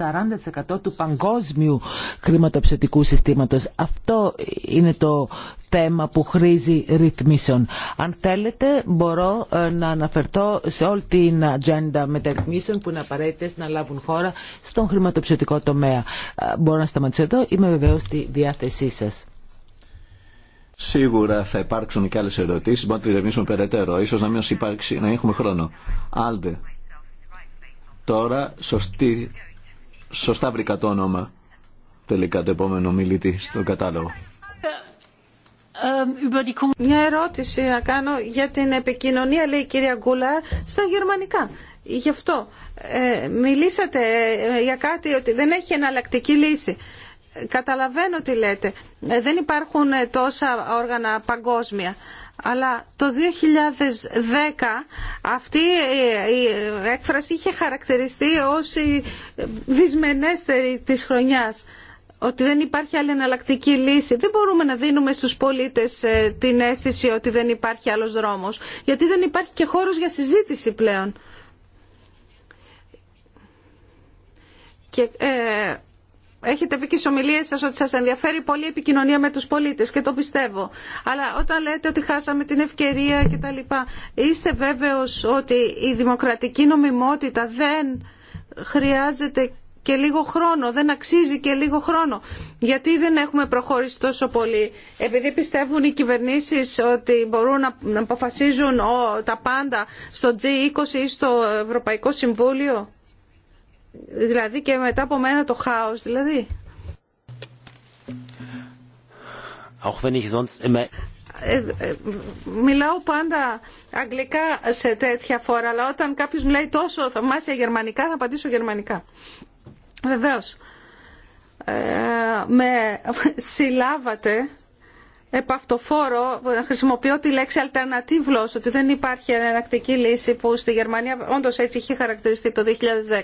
Speaker 3: 40% του παγκόσμιου χρηματοψηφιακού συστήματος. Αυτό είναι το θέμα που χρήζει ρυθμίσεων. Αν θέλετε μπορώ ε, να αναφερθώ σε όλη την ατζέντα μεταρρυθμίσεων που είναι απαραίτητε να λάβουν χώρα στον χρηματοψηφιακό τομέα. Ε, μπορώ να σταματήσω εδώ, είμαι βεβαίω στη διάθεσή σα.
Speaker 2: Σίγουρα θα υπάρξουν και άλλε ερωτήσει. Μπορούμε να τη ρευνήσουμε περαιτέρω. σω να μην υπάρξει, να έχουμε χρόνο. Άλτε. Τώρα σωστή, σωστά βρήκα το όνομα. Τελικά το επόμενο μιλητή στον κατάλογο.
Speaker 1: Ε, Μια ερώτηση να κάνω για την επικοινωνία, λέει η κυρία Γκούλα, στα γερμανικά. Γι' αυτό ε, μιλήσατε ε, για κάτι ότι δεν έχει εναλλακτική λύση. Καταλαβαίνω τι λέτε. Δεν υπάρχουν τόσα όργανα παγκόσμια. Αλλά το 2010 αυτή η έκφραση είχε χαρακτηριστεί ως η δυσμενέστερη της χρονιάς ότι δεν υπάρχει άλλη εναλλακτική λύση. Δεν μπορούμε να δίνουμε στους πολίτες ε, την αίσθηση ότι δεν υπάρχει άλλος δρόμος, γιατί δεν υπάρχει και χώρος για συζήτηση πλέον. Και ε, έχετε πει και στις ομιλίες σας ότι σας ενδιαφέρει πολύ η επικοινωνία με τους πολίτες και το πιστεύω. Αλλά όταν λέτε ότι χάσαμε την ευκαιρία κτλ. Είστε βέβαιος ότι η δημοκρατική νομιμότητα δεν χρειάζεται και λίγο χρόνο, δεν αξίζει και λίγο χρόνο. Γιατί δεν έχουμε προχώρησει τόσο πολύ. Επειδή πιστεύουν οι κυβερνήσεις ότι μπορούν να αποφασίζουν τα πάντα στο G20 ή στο Ευρωπαϊκό Συμβούλιο. Δηλαδή και μετά από μένα το χάος, δηλαδή. Ε, ε, μιλάω πάντα αγγλικά σε τέτοια φόρα, αλλά όταν κάποιος μιλάει τόσο θαυμάσια γερμανικά θα απαντήσω γερμανικά. Βεβαίως, ε, με συλλάβατε επ' αυτοφόρο, χρησιμοποιώ τη λέξη alternative loss, ότι δεν υπάρχει ανακτική λύση που στη Γερμανία όντως έτσι είχε χαρακτηριστεί το 2010.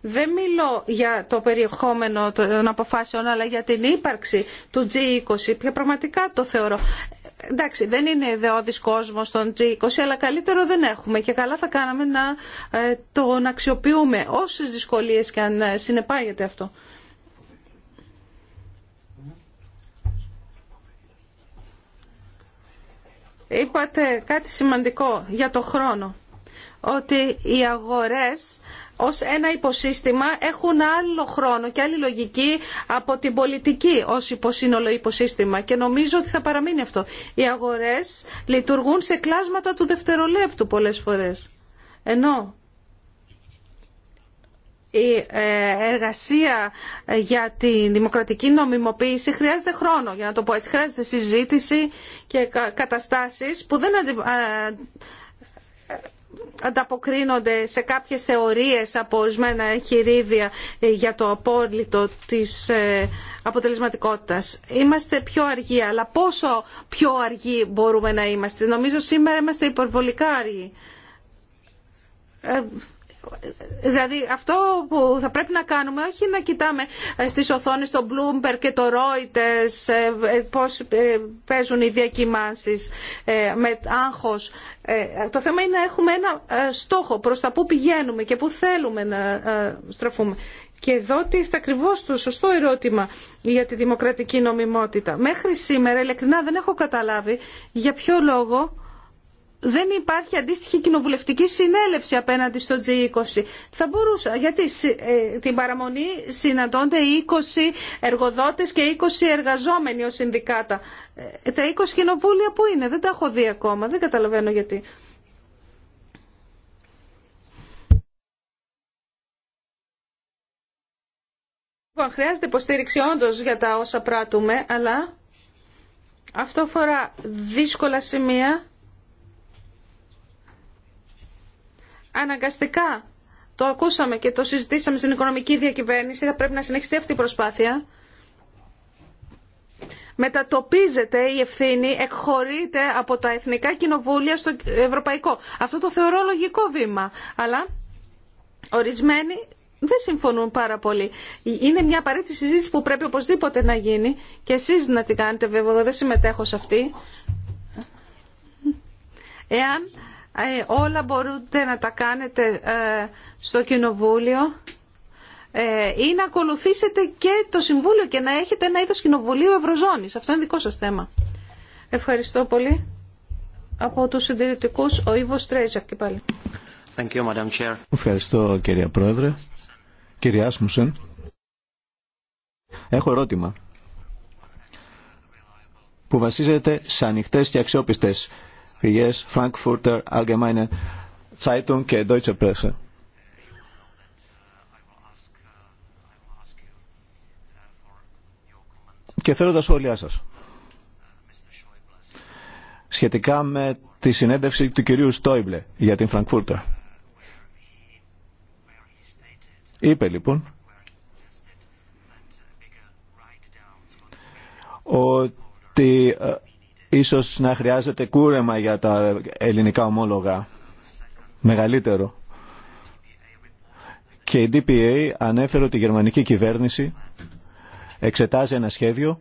Speaker 1: Δεν μιλώ για το περιεχόμενο των αποφάσεων, αλλά για την ύπαρξη του G20, που πραγματικά το θεωρώ εντάξει δεν είναι ιδεώδης κόσμος τον G20 αλλά καλύτερο δεν έχουμε και καλά θα κάναμε να ε, τον αξιοποιούμε όσες δυσκολίες και αν ε, συνεπάγεται αυτό. Είπατε κάτι σημαντικό για το χρόνο ότι οι αγορές ως ένα υποσύστημα έχουν άλλο χρόνο και άλλη λογική από την πολιτική ως υποσύνολο υποσύστημα και νομίζω ότι θα παραμείνει αυτό. Οι αγορές λειτουργούν σε κλάσματα του δευτερολέπτου πολλές φορές. Ενώ η ε, εργασία ε, για τη δημοκρατική νομιμοποίηση χρειάζεται χρόνο, για να το πω έτσι. Χρειάζεται συζήτηση και καταστάσεις που δεν ε, ανταποκρίνονται σε κάποιες θεωρίες από ορισμένα εγχειρίδια ε, για το απόλυτο της ε, αποτελεσματικότητας. Είμαστε πιο αργοί, αλλά πόσο πιο αργοί μπορούμε να είμαστε. Νομίζω σήμερα είμαστε υπερβολικά αργοί. Ε, δηλαδή αυτό που θα πρέπει να κάνουμε όχι να κοιτάμε στις οθόνες το Bloomberg και το Reuters πώς παίζουν οι διακοιμάνσεις με άγχος ε, το θέμα είναι να έχουμε ένα ε, στόχο προς τα που πηγαίνουμε και που θέλουμε να ε, στραφούμε. Και εδώ τίθεται ακριβώ το σωστό ερώτημα για τη δημοκρατική νομιμότητα. Μέχρι σήμερα, ειλικρινά, δεν έχω καταλάβει για ποιο λόγο δεν υπάρχει αντίστοιχη κοινοβουλευτική συνέλευση απέναντι στο G20. Θα μπορούσα, γιατί ε, την παραμονή συναντώνται 20 εργοδότες και 20 εργαζόμενοι ως συνδικάτα. Ε, τα 20 κοινοβούλια που είναι, δεν τα έχω δει ακόμα, δεν καταλαβαίνω γιατί. Λοιπόν, χρειάζεται υποστήριξη όντω για τα όσα πράττουμε, αλλά αυτό αφορά δύσκολα σημεία αναγκαστικά το ακούσαμε και το συζητήσαμε στην οικονομική διακυβέρνηση, θα πρέπει να συνεχιστεί αυτή η προσπάθεια. Μετατοπίζεται η ευθύνη, εκχωρείται από τα εθνικά κοινοβούλια στο ευρωπαϊκό. Αυτό το θεωρώ λογικό βήμα, αλλά ορισμένοι δεν συμφωνούν πάρα πολύ. Είναι μια απαραίτητη συζήτηση που πρέπει οπωσδήποτε να γίνει και εσείς να την κάνετε βέβαια, δεν συμμετέχω σε αυτή. Εάν ε, όλα μπορούτε να τα κάνετε ε, στο Κοινοβούλιο ε, ή να ακολουθήσετε και το Συμβούλιο και να έχετε ένα είδος Κοινοβουλίου Ευρωζώνης. Αυτό είναι δικό σας θέμα. Ευχαριστώ πολύ. Από τους συντηρητικούς, ο Ιβος Στρέζακ και πάλι.
Speaker 2: Ευχαριστώ κυρία Πρόεδρε. Κυρία Άσμουσεν, έχω ερώτημα που βασίζεται σε ανοιχτές και αξιόπιστες πηγές Frankfurter Allgemeine Zeitung και Deutsche Presse. Και θέλω τα σχόλιά σας. Σχετικά με τη συνέντευξη του κυρίου Στόιμπλε για την Φραγκφούρτερ. Είπε λοιπόν ότι ε, Ίσως να χρειάζεται κούρεμα για τα ελληνικά ομόλογα. Μεγαλύτερο. Και η DPA ανέφερε ότι η γερμανική κυβέρνηση εξετάζει ένα σχέδιο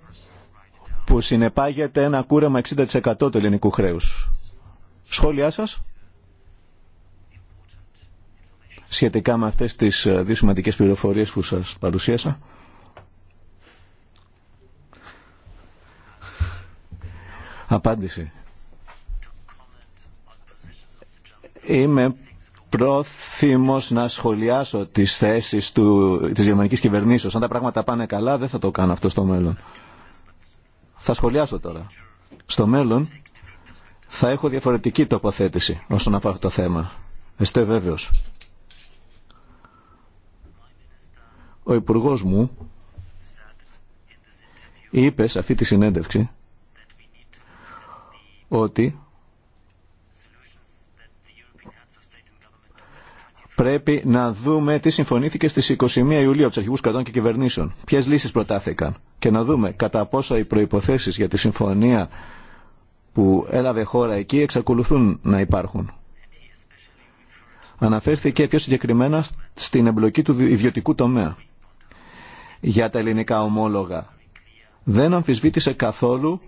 Speaker 2: που συνεπάγεται ένα κούρεμα 60% του ελληνικού χρέους. Σχόλιά σας σχετικά με αυτές τις ε, δύο σημαντικές πληροφορίες που σας παρουσίασα. Απάντηση. Είμαι πρόθυμος να σχολιάσω τις θέσεις του, της γερμανικής κυβερνήσεως. Αν τα πράγματα πάνε καλά δεν θα το κάνω αυτό στο μέλλον. Θα σχολιάσω τώρα. Στο μέλλον θα έχω διαφορετική τοποθέτηση όσον αφορά αυτό το θέμα. Εστε βέβαιος. Ο υπουργός μου είπε σε αυτή τη συνέντευξη ότι πρέπει να δούμε τι συμφωνήθηκε στις 21 Ιουλίου από του αρχηγούς κρατών και κυβερνήσεων. Ποιες λύσεις προτάθηκαν και να δούμε κατά πόσο οι προϋποθέσεις για τη συμφωνία που έλαβε χώρα εκεί εξακολουθούν να υπάρχουν. Αναφέρθηκε πιο συγκεκριμένα στην εμπλοκή του ιδιωτικού τομέα για τα ελληνικά ομόλογα. Δεν αμφισβήτησε καθόλου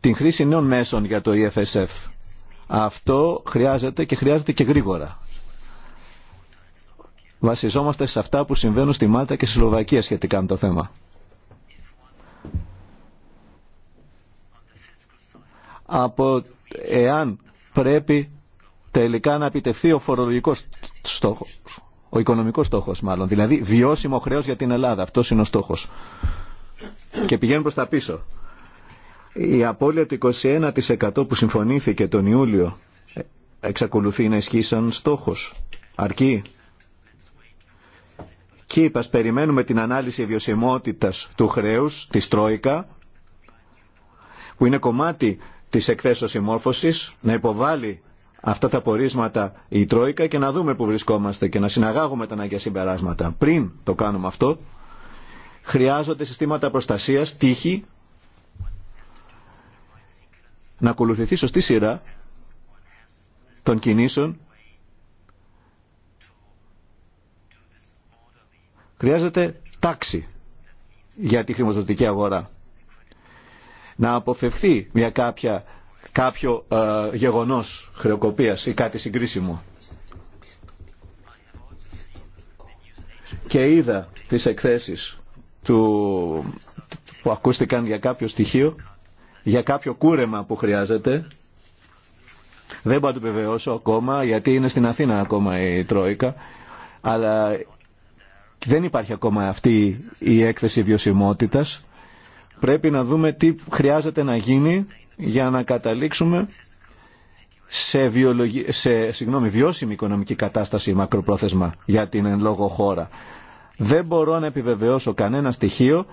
Speaker 2: την χρήση νέων μέσων για το EFSF. Αυτό χρειάζεται και χρειάζεται και γρήγορα. Βασιζόμαστε σε αυτά που συμβαίνουν στη Μάλτα και στη Σλοβακία σχετικά με το θέμα. Από εάν πρέπει τελικά να επιτευθεί ο φορολογικός στόχος, ο οικονομικός στόχος μάλλον, δηλαδή βιώσιμο χρέος για την Ελλάδα, αυτός είναι ο στόχος. Και πηγαίνουν προς τα πίσω. Η απώλεια του 21% που συμφωνήθηκε τον Ιούλιο ε, εξακολουθεί να ισχύει σαν στόχος. Αρκεί. Κύπας, περιμένουμε την ανάλυση βιωσιμότητας του χρέους, της Τρόικα, που είναι κομμάτι της εκθέσεως συμμόρφωσης, να υποβάλει αυτά τα πορίσματα η Τρόικα και να δούμε που βρισκόμαστε και να συναγάγουμε τα αναγκαία συμπεράσματα. Πριν το κάνουμε αυτό, χρειάζονται συστήματα προστασίας, τύχη να ακολουθηθεί σωστή σειρά των κινήσεων χρειάζεται τάξη για τη χρηματοδοτική αγορά. Να αποφευθεί μια κάποια, κάποιο ε, γεγονός χρεοκοπίας ή κάτι συγκρίσιμο. Και είδα τις εκθέσεις του, που ακούστηκαν για κάποιο στοιχείο για κάποιο κούρεμα που χρειάζεται. Δεν μπορώ να το επιβεβαιώσω ακόμα γιατί είναι στην Αθήνα ακόμα η Τρόικα. Αλλά δεν υπάρχει ακόμα αυτή η έκθεση βιωσιμότητας. Πρέπει να δούμε τι χρειάζεται να γίνει για να καταλήξουμε σε, βιολογι... σε βιώσιμη οικονομική κατάσταση μακροπρόθεσμα για την εν λόγω χώρα. Δεν μπορώ να επιβεβαιώσω κανένα στοιχείο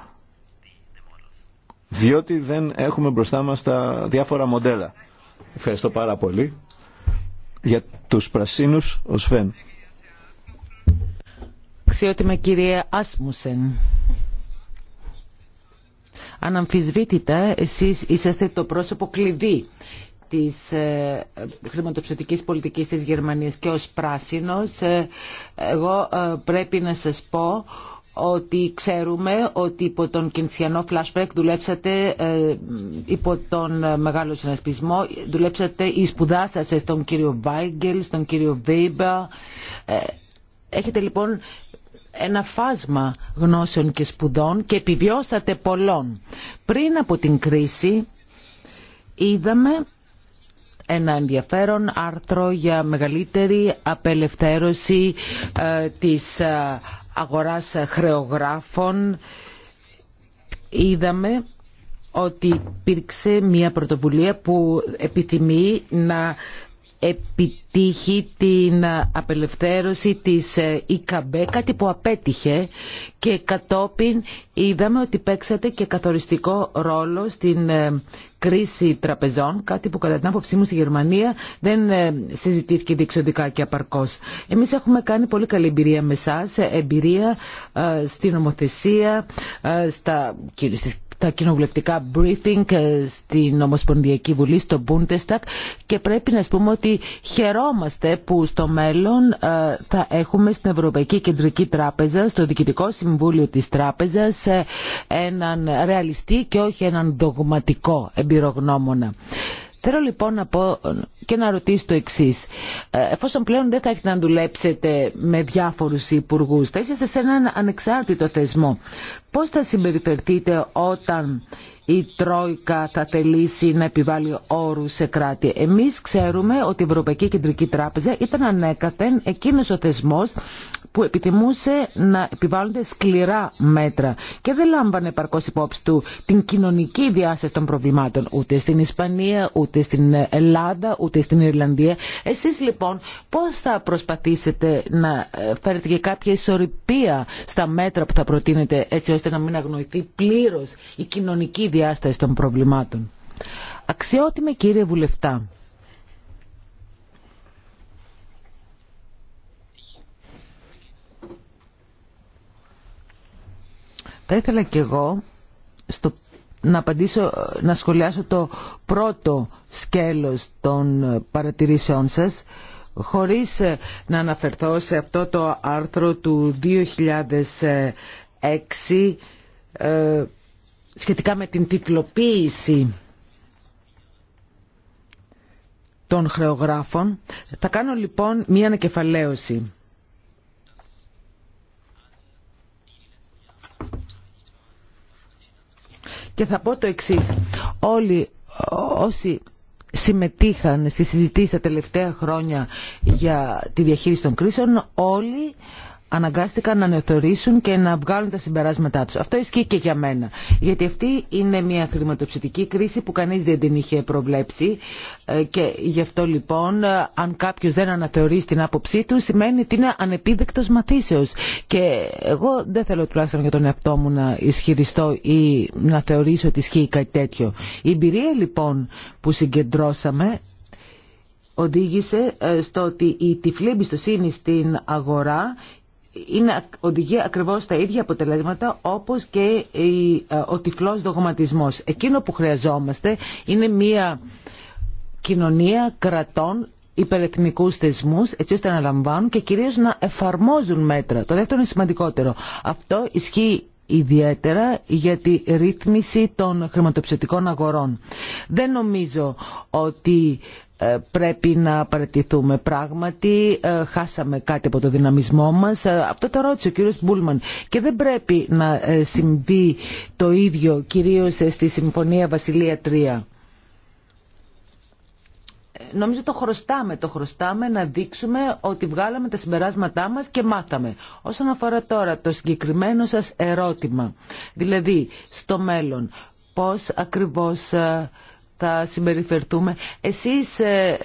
Speaker 2: διότι δεν έχουμε μπροστά μας τα διάφορα μοντέλα. Ευχαριστώ πάρα πολύ. Για τους πρασίνους, ο Σφέν.
Speaker 3: Αξιότιμα κυρία Άσμουσεν. Αναμφισβήτητα, εσείς είσαστε το πρόσωπο κλειδί της ε, χρηματοψηφιακής πολιτικής της Γερμανίας και ως πράσινος, ε, εγώ ε, πρέπει να σας πω ότι ξέρουμε ότι υπό τον κινθιανό flashback δουλέψατε ε, υπό τον ε, μεγάλο συνασπισμό, δουλέψατε ή σπουδάσατε στον κύριο Βάγγελ, στον κύριο Βέιμπα. Ε, έχετε λοιπόν ένα φάσμα γνώσεων και σπουδών και επιβιώσατε πολλών. Πριν από την κρίση είδαμε ένα ενδιαφέρον άρθρο για μεγαλύτερη απελευθέρωση της αγοράς χρεογράφων είδαμε ότι υπήρξε μια πρωτοβουλία που επιθυμεί να επιτύχει την απελευθέρωση της ε, ΙΚΑΜΠΕ, κάτι που απέτυχε και κατόπιν είδαμε ότι παίξατε και καθοριστικό ρόλο στην ε, κρίση τραπεζών, κάτι που κατά την άποψή μου στη Γερμανία δεν ε, συζητήθηκε διεξοδικά και απαρκώς. Εμείς έχουμε κάνει πολύ καλή εμπειρία με εσά, εμπειρία στην ομοθεσία, στα, στις τα κοινοβουλευτικά briefing ε, στην Ομοσπονδιακή Βουλή, στο Bundestag και πρέπει να πούμε ότι χαιρόμαστε που στο μέλλον ε, θα έχουμε στην Ευρωπαϊκή Κεντρική Τράπεζα, στο Διοικητικό Συμβούλιο της Τράπεζας, ε, έναν ρεαλιστή και όχι έναν δογματικό εμπειρογνώμονα. Θέλω λοιπόν να πω και να ρωτήσω το εξή. Ε, εφόσον πλέον δεν θα έχετε να δουλέψετε με διάφορου υπουργού, θα είσαστε σε έναν ανεξάρτητο θεσμό. Πώ θα συμπεριφερθείτε όταν η Τρόικα θα θελήσει να επιβάλλει όρους σε κράτη. Εμείς ξέρουμε ότι η Ευρωπαϊκή Κεντρική Τράπεζα ήταν ανέκαθεν εκείνος ο θεσμός που επιθυμούσε να επιβάλλονται σκληρά μέτρα και δεν λάμβανε παρκώς υπόψη του την κοινωνική διάσταση των προβλημάτων ούτε στην Ισπανία, ούτε στην Ελλάδα, ούτε στην Ιρλανδία. Εσείς λοιπόν πώς θα προσπαθήσετε να ε, φέρετε και κάποια ισορροπία στα μέτρα που θα προτείνετε έτσι ώστε να μην αγνοηθεί πλήρως η κοινωνική διάσταση των προβλημάτων. Αξιότιμε κύριε Βουλευτά, Θα ήθελα και εγώ στο, να απαντήσω, να σχολιάσω το πρώτο σκέλος των παρατηρήσεών σας χωρίς ε, να αναφερθώ σε αυτό το άρθρο του 2006 ε, σχετικά με την τιτλοποίηση των χρεογράφων. Θα κάνω λοιπόν μία ανακεφαλαίωση. Και θα πω το εξή: Όλοι όσοι συμμετείχαν στη συζητήση τα τελευταία χρόνια για τη διαχείριση των κρίσεων, όλοι αναγκάστηκαν να νεοθεωρήσουν και να βγάλουν τα συμπεράσματά τους. Αυτό ισχύει και για μένα. Γιατί αυτή είναι μια χρηματοψητική κρίση που κανείς δεν την είχε προβλέψει ε, και γι' αυτό λοιπόν ε, αν κάποιος δεν αναθεωρεί την άποψή του σημαίνει ότι είναι ανεπίδεκτος μαθήσεως. Και εγώ δεν θέλω τουλάχιστον για τον εαυτό μου να ισχυριστώ ή να θεωρήσω ότι ισχύει κάτι τέτοιο. Η εμπειρία λοιπόν που συγκεντρώσαμε οδήγησε ε, στο ότι η τυφλή εμπιστοσύνη στην αγορά είναι, οδηγεί ακριβώς τα ίδια αποτελέσματα όπως και ε, ο τυφλός δογματισμός. Εκείνο που χρειαζόμαστε είναι μια κοινωνία κρατών υπερεθνικούς θεσμούς έτσι ώστε να λαμβάνουν και κυρίως να εφαρμόζουν μέτρα. Το δεύτερο είναι σημαντικότερο. Αυτό ισχύει ιδιαίτερα για τη ρύθμιση των χρηματοπιστωτικών αγορών. Δεν νομίζω ότι ε, πρέπει να παρατηθούμε. Πράγματι, ε, χάσαμε κάτι από το δυναμισμό μας. Ε, αυτό το ρώτησε ο κύριος Μπούλμαν. Και δεν πρέπει να συμβεί το ίδιο, κυρίως στη Συμφωνία Βασιλεία 3. Νομίζω το χρωστάμε, το χρωστάμε να δείξουμε ότι βγάλαμε τα συμπεράσματά μας και μάθαμε. Όσον αφορά τώρα το συγκεκριμένο σας ερώτημα, δηλαδή στο μέλλον, πώς ακριβώς θα συμπεριφερθούμε. Εσείς ε,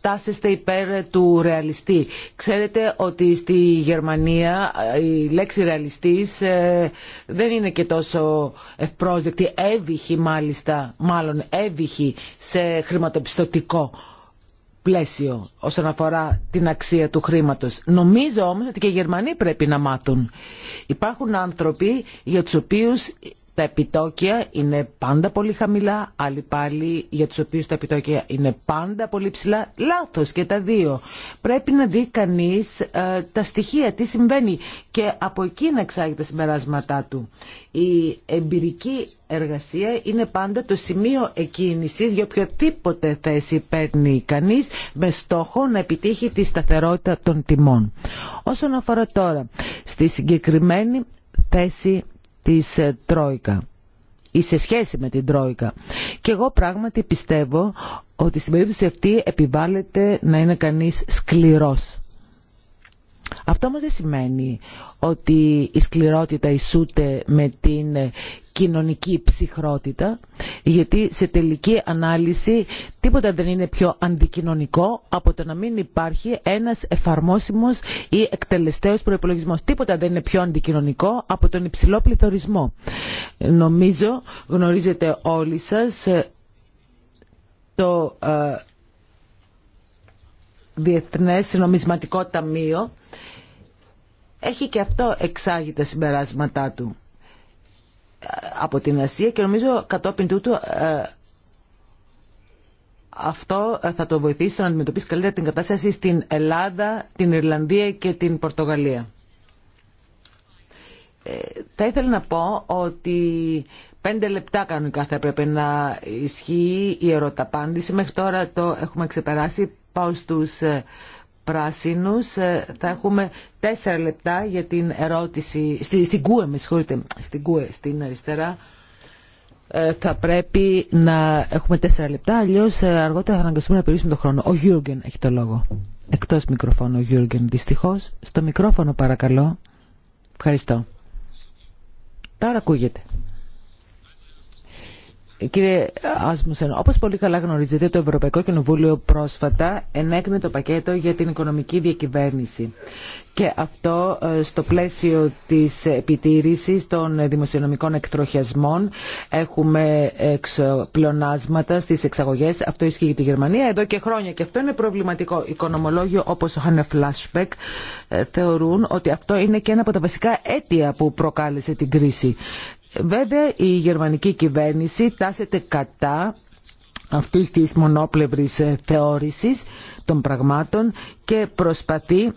Speaker 3: τάσεστε υπέρ του ρεαλιστή. Ξέρετε ότι στη Γερμανία ε, η λέξη ρεαλιστής ε, δεν είναι και τόσο ευπρόσδεκτη. Έβυχη μάλιστα, μάλλον έβυχη σε χρηματοπιστωτικό πλαίσιο όσον αφορά την αξία του χρήματος. Νομίζω όμως ότι και οι Γερμανοί πρέπει να μάθουν. Υπάρχουν άνθρωποι για τους οποίους τα επιτόκια είναι πάντα πολύ χαμηλά, άλλοι πάλι για τους οποίους τα επιτόκια είναι πάντα πολύ ψηλά. Λάθος και τα δύο. Πρέπει να δει κανείς ε, τα στοιχεία, τι συμβαίνει και από εκεί να εξάγει τα συμπεράσματά του. Η εμπειρική εργασία είναι πάντα το σημείο εκκίνησης για οποιοδήποτε θέση παίρνει κανείς με στόχο να επιτύχει τη σταθερότητα των τιμών. Όσον αφορά τώρα στη συγκεκριμένη θέση της ε, Τρόικα ή σε σχέση με την Τρόικα. Και εγώ πράγματι πιστεύω ότι στην περίπτωση αυτή επιβάλλεται να είναι κανείς σκληρός. Αυτό όμως δεν σημαίνει ότι η σκληρότητα ισούται με την ε, κοινωνική ψυχρότητα, γιατί σε τελική ανάλυση τίποτα δεν είναι πιο αντικοινωνικό από το να μην υπάρχει ένας εφαρμόσιμος ή εκτελεστέος προϋπολογισμός. Τίποτα δεν είναι πιο αντικοινωνικό από τον υψηλό πληθωρισμό. Νομίζω γνωρίζετε όλοι σας ε, το ε, Διεθνές Νομισματικό Ταμείο έχει και αυτό εξάγει τα συμπεράσματά του από την Ασία και νομίζω κατόπιν τούτου ε, αυτό ε, θα το βοηθήσει να αντιμετωπίσει καλύτερα την κατάσταση στην Ελλάδα, την Ιρλανδία και την Πορτογαλία. Ε, θα ήθελα να πω ότι πέντε λεπτά κανονικά θα έπρεπε να ισχύει η ερωταπάντηση. Μέχρι τώρα το έχουμε ξεπεράσει. Πάω στους πράσινους. Ε, θα έχουμε τέσσερα λεπτά για την ερώτηση, στη, στην ΚΟΕ με συγχωρείτε, στην ΚΟΕ, στην αριστερά. Ε, θα πρέπει να έχουμε τέσσερα λεπτά, αλλιώς ε, αργότερα θα αναγκαστούμε να περιορίσουμε τον χρόνο. Ο Γιούργεν έχει το λόγο. Εκτός μικροφώνου ο Γιούργεν, δυστυχώς. Στο μικρόφωνο παρακαλώ. Ευχαριστώ. Τώρα ακούγεται. Κύριε Άσμουσεν, όπω πολύ καλά γνωρίζετε, το Ευρωπαϊκό Κοινοβούλιο πρόσφατα ενέκρινε το πακέτο για την οικονομική διακυβέρνηση. Και αυτό ε, στο πλαίσιο τη επιτήρηση των δημοσιονομικών εκτροχιασμών έχουμε πλεονάσματα στι εξαγωγέ. Αυτό ισχύει για τη Γερμανία εδώ και χρόνια και αυτό είναι προβληματικό. Οικονομολόγοι όπω ο Χάνε Φλάσπεκ ε, θεωρούν ότι αυτό είναι και ένα από τα βασικά αίτια που προκάλεσε την κρίση. Βέβαια η γερμανική κυβέρνηση τάσεται κατά αυτής της μονόπλευρης ε, θεώρησης των πραγμάτων και προσπαθεί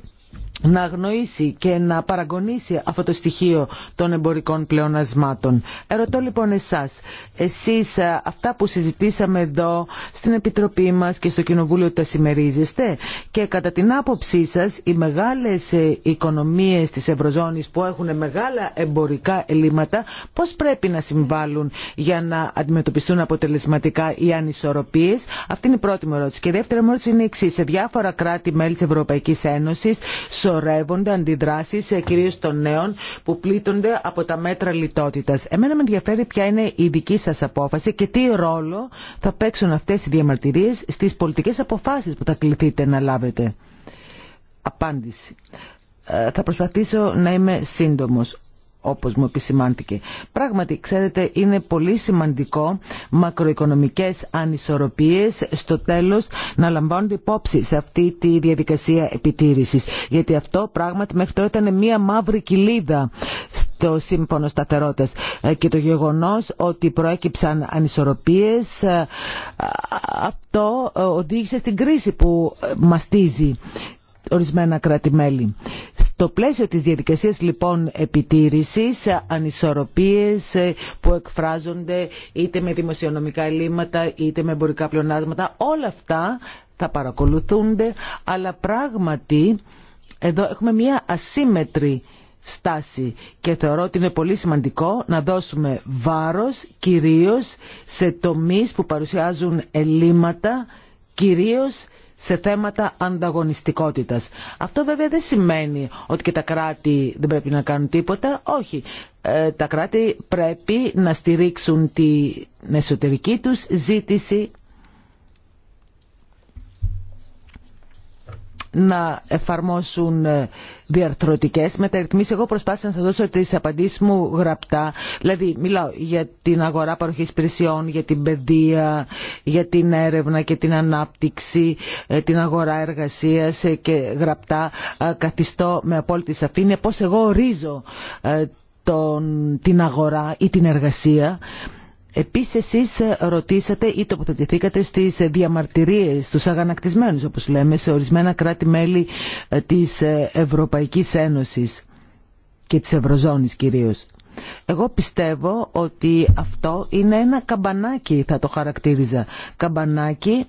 Speaker 3: να αγνοήσει και να παραγωνίσει αυτό το στοιχείο των εμπορικών πλεονασμάτων. Ερωτώ λοιπόν εσάς, εσείς ε, αυτά που συζητήσαμε εδώ στην Επιτροπή μας και στο Κοινοβούλιο τα συμμερίζεστε και κατά την άποψή σας οι μεγάλες ε, οικονομίες της Ευρωζώνης που έχουν μεγάλα εμπορικά ελλείμματα πώς πρέπει να συμβάλλουν για να αντιμετωπιστούν αποτελεσματικά οι ανισορροπίες. Αυτή είναι η πρώτη μου ερώτηση. Και η δεύτερη μου ερώτηση είναι η Σε διάφορα κράτη-μέλη της Ευρωπαϊκής Ένωσης συσσωρεύονται αντιδράσεις ε, κυρίω των νέων που πλήττονται από τα μέτρα λιτότητας. Εμένα με ενδιαφέρει ποια είναι η δική σα απόφαση και τι ρόλο θα παίξουν αυτέ οι διαμαρτυρίες στι πολιτικέ αποφάσει που θα κληθείτε να λάβετε. Απάντηση. Ε, θα προσπαθήσω να είμαι σύντομος όπως μου επισημάντηκε. Πράγματι, ξέρετε, είναι πολύ σημαντικό μακροοικονομικές ανισορροπίες στο τέλος να λαμβάνονται υπόψη σε αυτή τη διαδικασία επιτήρησης. Γιατί αυτό πράγματι μέχρι τώρα ήταν μία μαύρη κοιλίδα στο σύμφωνο σταθερότητας ε, και το γεγονός ότι προέκυψαν ανισορροπίες ε, αυτό ε, οδήγησε στην κρίση που μαστίζει ορισμένα Στο πλαίσιο της διαδικασίας λοιπόν επιτήρησης, ανισορροπίες ε, που εκφράζονται είτε με δημοσιονομικά ελλείμματα είτε με εμπορικά πλεονάσματα, όλα αυτά θα παρακολουθούνται, αλλά πράγματι εδώ έχουμε μια ασύμετρη στάση και θεωρώ ότι είναι πολύ σημαντικό να δώσουμε βάρος κυρίως σε τομείς που παρουσιάζουν ελλείμματα, κυρίως σε θέματα ανταγωνιστικότητας. Αυτό βέβαια δεν σημαίνει ότι και τα κράτη δεν πρέπει να κάνουν τίποτα. Όχι. Ε, τα κράτη πρέπει να στηρίξουν την εσωτερική τους ζήτηση να εφαρμόσουν ε, διαρθρωτικές μεταρρυθμίσεις. Εγώ προσπάθησα να σα δώσω τι απαντήσει μου γραπτά. Δηλαδή μιλάω για την αγορά παροχή υπηρεσιών, για την παιδεία, για την έρευνα και την ανάπτυξη, ε, την αγορά εργασία ε, και γραπτά καθιστώ με απόλυτη σαφήνεια πώς εγώ ορίζω την αγορά ή την εργασία Επίσης εσείς ρωτήσατε ή τοποθετηθήκατε στις διαμαρτυρίες, στους αγανακτισμένους όπως λέμε, σε ορισμένα κράτη-μέλη ε, της ε, Ευρωπαϊκής Ένωσης και της Ευρωζώνης κυρίως. Εγώ πιστεύω ότι αυτό είναι ένα καμπανάκι, θα το χαρακτήριζα. Καμπανάκι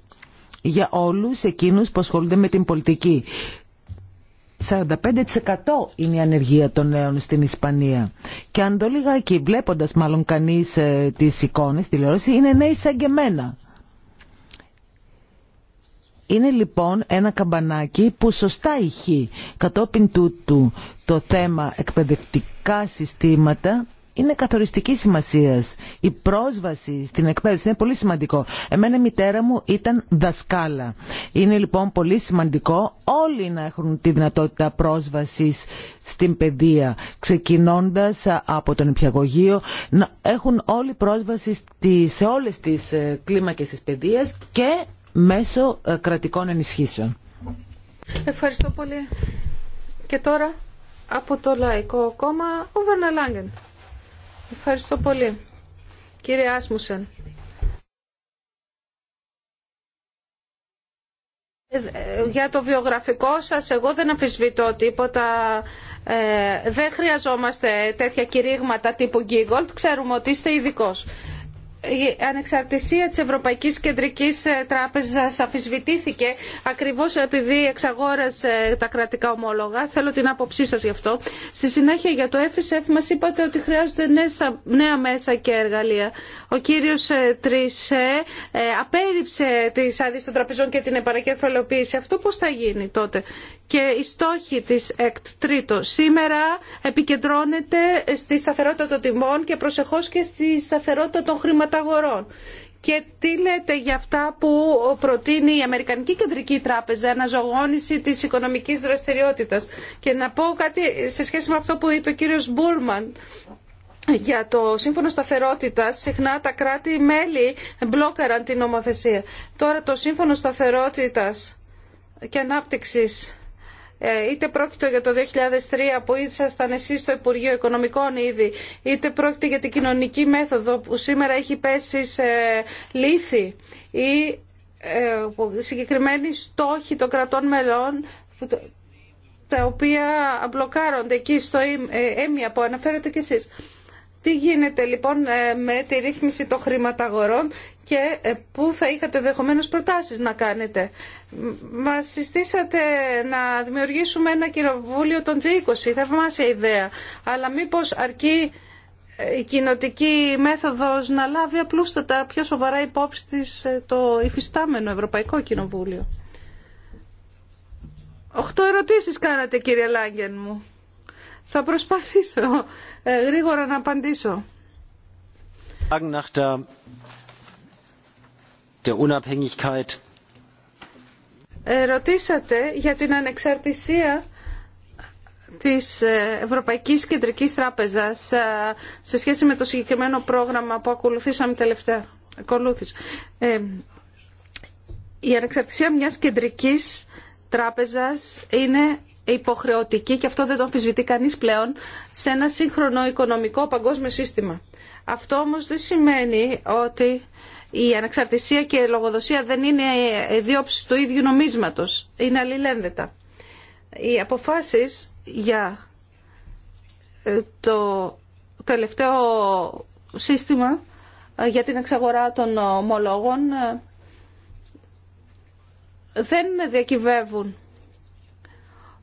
Speaker 3: για όλους εκείνους που ασχολούνται με την πολιτική. 45% είναι η ανεργία των νέων στην Ισπανία. Και αν το λίγα εκεί, βλέποντας μάλλον κανείς ε, τις εικόνες, τηλεόραση, είναι νέοι σαν και εμένα. Είναι λοιπόν ένα καμπανάκι που σωστά ηχεί κατόπιν τούτου το θέμα εκπαιδευτικά συστήματα είναι καθοριστική σημασία. Η πρόσβαση στην εκπαίδευση είναι πολύ σημαντικό. Εμένα η μητέρα μου ήταν δασκάλα. Είναι λοιπόν πολύ σημαντικό όλοι να έχουν τη δυνατότητα πρόσβασης στην παιδεία, ξεκινώντα από τον υπηαγωγείο, να έχουν όλοι πρόσβαση σε όλε τι ε, κλίμακε τη παιδείας και μέσω ε, κρατικών ενισχύσεων.
Speaker 1: Ευχαριστώ πολύ. Και τώρα από το Λαϊκό Κόμμα, ο Βερναλάγκεν. Ευχαριστώ πολύ. Κύριε Άσμουσεν. Ε, ε, για το βιογραφικό σας, εγώ δεν αμφισβητώ τίποτα. Ε, δεν χρειαζόμαστε τέτοια κηρύγματα τύπου Γκίγκολτ. Ξέρουμε ότι είστε ειδικό η ανεξαρτησία της Ευρωπαϊκής Κεντρικής ε, Τράπεζας αφισβητήθηκε ακριβώς επειδή εξαγόρασε ε, τα κρατικά ομόλογα. Θέλω την άποψή σας γι' αυτό. Στη συνέχεια για το FSF μας είπατε ότι χρειάζονται νέα μέσα και εργαλεία. Ο κύριος ε, Τρισέ απέριψε τις άδειες των τραπεζών και την επανακεφαλαιοποίηση. Αυτό πώς θα γίνει τότε και η στόχη της ΕΚΤ τρίτο σήμερα επικεντρώνεται στη σταθερότητα των τιμών και προσεχώς και στη σταθερότητα των χρηματαγορών. Και τι λέτε για αυτά που προτείνει η Αμερικανική Κεντρική Τράπεζα, αναζωογόνηση της οικονομικής δραστηριότητας. Και να πω κάτι σε σχέση με αυτό που είπε ο κύριος Μπούλμαν, για το σύμφωνο σταθερότητα, συχνά τα κράτη-μέλη μπλόκαραν την νομοθεσία. Τώρα το σύμφωνο σταθερότητα και ανάπτυξη ε, είτε πρόκειται για το 2003 που ήσασταν εσεί στο Υπουργείο Οικονομικών ήδη, είτε πρόκειται για την κοινωνική μέθοδο που σήμερα έχει πέσει σε λύθη ή ε, συγκεκριμένοι στόχοι των κρατών μελών τα οποία μπλοκάρονται εκεί στο ΕΜΙΑ που αναφέρετε κι εσείς. Τι γίνεται λοιπόν ε, με τη ρύθμιση των χρηματαγορών και ε, πού θα είχατε δεχομένως προτάσεις να κάνετε. Μας συστήσατε να δημιουργήσουμε ένα κοινοβούλιο των G20, θαυμάσια ιδέα. Αλλά μήπως αρκεί ε, η κοινοτική μέθοδος να λάβει απλούστατα πιο σοβαρά υπόψη της το υφιστάμενο Ευρωπαϊκό Κοινοβούλιο. Οχτώ ερωτήσεις κάνατε κύριε Λάγκεν μου. Θα προσπαθήσω ε, γρήγορα να απαντήσω. Ε, ρωτήσατε για την ανεξαρτησία της ε, Ευρωπαϊκής Κεντρικής Τράπεζας σε σχέση με το συγκεκριμένο πρόγραμμα που ακολουθήσαμε τελευταία. η ανεξαρτησία μιας κεντρικής τράπεζας είναι υποχρεωτική και αυτό δεν το αμφισβητεί κανείς πλέον σε ένα σύγχρονο οικονομικό παγκόσμιο σύστημα. Αυτό όμως δεν σημαίνει ότι η ανεξαρτησία και η λογοδοσία δεν είναι διόψεις του ίδιου νομίσματος. Είναι αλληλένδετα. Οι αποφάσεις για ε, το τελευταίο σύστημα ε, για την εξαγορά των ομολόγων ε, δεν διακυβεύουν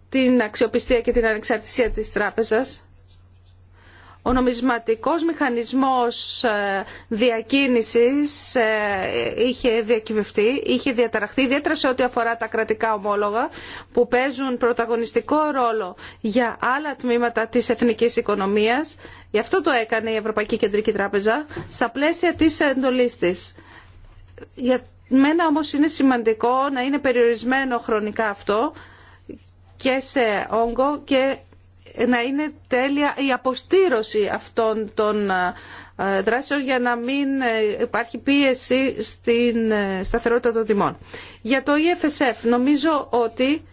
Speaker 1: την αξιοπιστία και την ανεξαρτησία της τράπεζας. Ο νομισματικός μηχανισμός ε, διακίνησης ε, είχε διακυβευτεί, είχε διαταραχθεί, ιδιαίτερα σε ό,τι αφορά τα κρατικά ομόλογα, που παίζουν πρωταγωνιστικό ρόλο για άλλα τμήματα της εθνικής οικονομίας. Γι' αυτό το έκανε η Ευρωπαϊκή Κεντρική Τράπεζα, στα πλαίσια της εντολής της. Για μένα όμως είναι σημαντικό να είναι περιορισμένο χρονικά αυτό, και σε όγκο και να είναι τέλεια η αποστήρωση αυτών των ε, δράσεων για να μην ε, υπάρχει πίεση στην ε, σταθερότητα των τιμών. Για το EFSF νομίζω ότι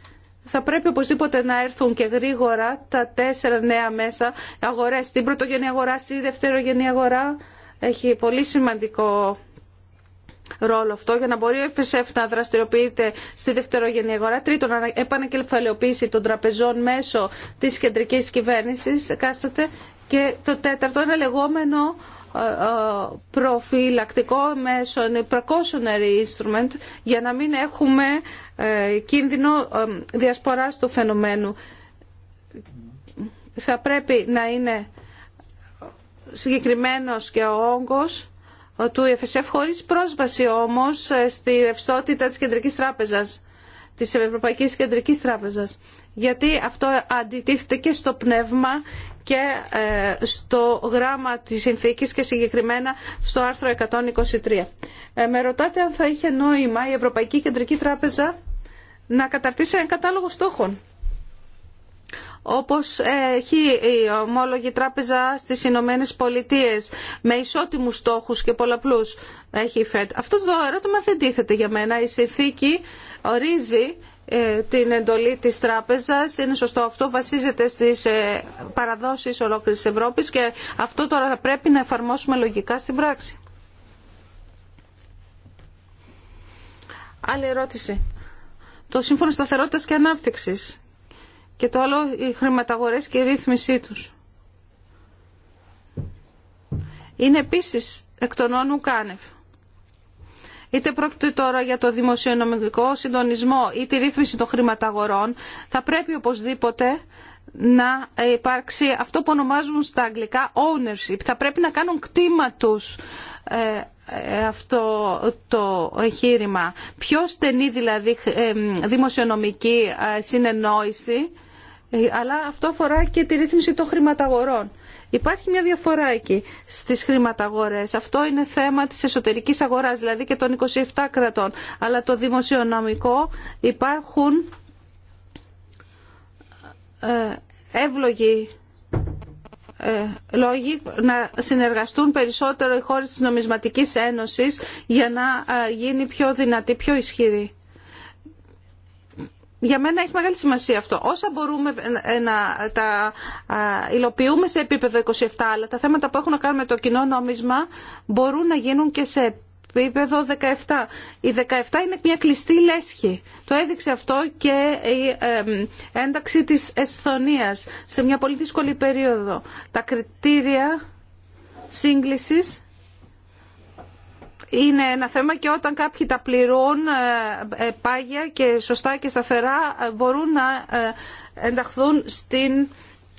Speaker 1: θα πρέπει οπωσδήποτε να έρθουν και γρήγορα τα τέσσερα νέα μέσα αγορές. στην πρωτογενή αγορά, στη δευτερογενή αγορά έχει πολύ σημαντικό ρόλο αυτό για να μπορεί ο FSF να δραστηριοποιείται στη δευτερογενή αγορά. Τρίτον, επανακεφαλαιοποίηση των τραπεζών μέσω τη κεντρική κυβέρνηση, εκάστοτε. Και το τέταρτο, ένα λεγόμενο ε, ε, προφυλακτικό μέσο, precautionary instrument, για να μην έχουμε ε, κίνδυνο διασποράς του φαινομένου. Θα πρέπει να είναι συγκεκριμένος και ο όγκος του ΕΦΣΕΦ χωρίς πρόσβαση όμως ε, στη ρευστότητα της Κεντρικής Τράπεζας, της Ευρωπαϊκής Κεντρικής Τράπεζας. Γιατί αυτό αντιτίθεται και στο πνεύμα και ε, στο γράμμα της συνθήκης και συγκεκριμένα στο άρθρο 123. Ε, με ρωτάτε αν θα είχε νόημα η Ευρωπαϊκή Κεντρική Τράπεζα να καταρτήσει ένα κατάλογο στόχων όπως έχει η ομόλογη τράπεζα στις Ηνωμένε Πολιτείες με ισότιμους στόχους και πολλαπλούς έχει η ΦΕΤ. Αυτό το ερώτημα δεν τίθεται για μένα. Η συνθήκη ορίζει ε, την εντολή της τράπεζας. Είναι σωστό αυτό, βασίζεται στις ε, παραδόσεις ολόκληρης της Ευρώπης και αυτό τώρα θα πρέπει να εφαρμόσουμε λογικά στην πράξη. Άλλη ερώτηση. Το Σύμφωνο Σταθερότητας και Ανάπτυξης και το άλλο οι χρηματαγορές και η ρύθμισή τους. Είναι επίσης εκ των όνου κάνευ. Είτε πρόκειται τώρα για το δημοσιονομικό συντονισμό ή τη ρύθμιση των χρηματαγορών, θα πρέπει οπωσδήποτε να υπάρξει αυτό που ονομάζουν στα αγγλικά ownership. Θα πρέπει να κάνουν κτήμα τους ε, ε, αυτό το εγχείρημα. Πιο στενή δηλαδή ε, δημοσιονομική συνεννόηση ε, αλλά αυτό αφορά και τη ρύθμιση των χρηματαγορών. Υπάρχει μια διαφορά εκεί στις χρηματαγορές. Αυτό είναι θέμα της εσωτερικής αγοράς, δηλαδή και των 27 κρατών. Αλλά το δημοσιονομικό υπάρχουν ε, εύλογοι ε, λόγοι να συνεργαστούν περισσότερο οι χώρες της Νομισματικής Ένωσης για να γίνει πιο δυνατή, πιο ισχυρή. Για μένα έχει μεγάλη σημασία αυτό. Όσα μπορούμε να τα υλοποιούμε σε επίπεδο 27, αλλά τα θέματα που έχουν να κάνουν με το κοινό νόμισμα μπορούν να γίνουν και σε επίπεδο 17. Η 17 είναι μια κλειστή λέσχη. Το έδειξε αυτό και η ένταξη της Εσθονίας σε μια πολύ δύσκολη περίοδο. Τα κριτήρια σύγκλησης είναι ένα θέμα και όταν κάποιοι τα πληρούν ε, ε, πάγια και σωστά και σταθερά ε, μπορούν να ενταχθούν στην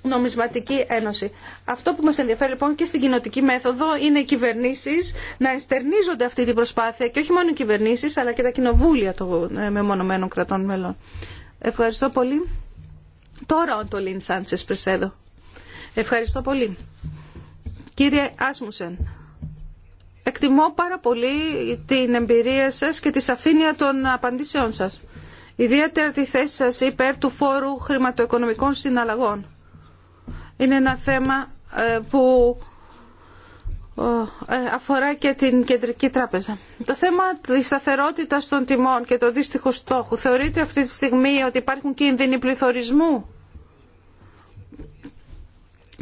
Speaker 1: νομισματική ένωση. Αυτό που μας ενδιαφέρει λοιπόν και στην κοινοτική μέθοδο είναι οι κυβερνήσεις να εστερνίζονται αυτή την προσπάθεια και όχι μόνο οι κυβερνήσεις αλλά και τα κοινοβούλια των μεμονωμένων κρατών μελών. Ευχαριστώ πολύ. Τώρα ο Ντολίν Σάντσες Πρεσέδο. Ευχαριστώ πολύ. Κύριε Άσμουσεν, Εκτιμώ πάρα πολύ την εμπειρία σας και τη σαφήνεια των απαντήσεών σας. Ιδιαίτερα τη θέση σας υπέρ του φόρου χρηματοοικονομικών συναλλαγών. Είναι ένα θέμα ε, που ε, ε, αφορά και την Κεντρική Τράπεζα. Το θέμα της σταθερότητας των τιμών και των δύστιχου στόχου. Θεωρείτε αυτή τη στιγμή ότι υπάρχουν κίνδυνοι πληθωρισμού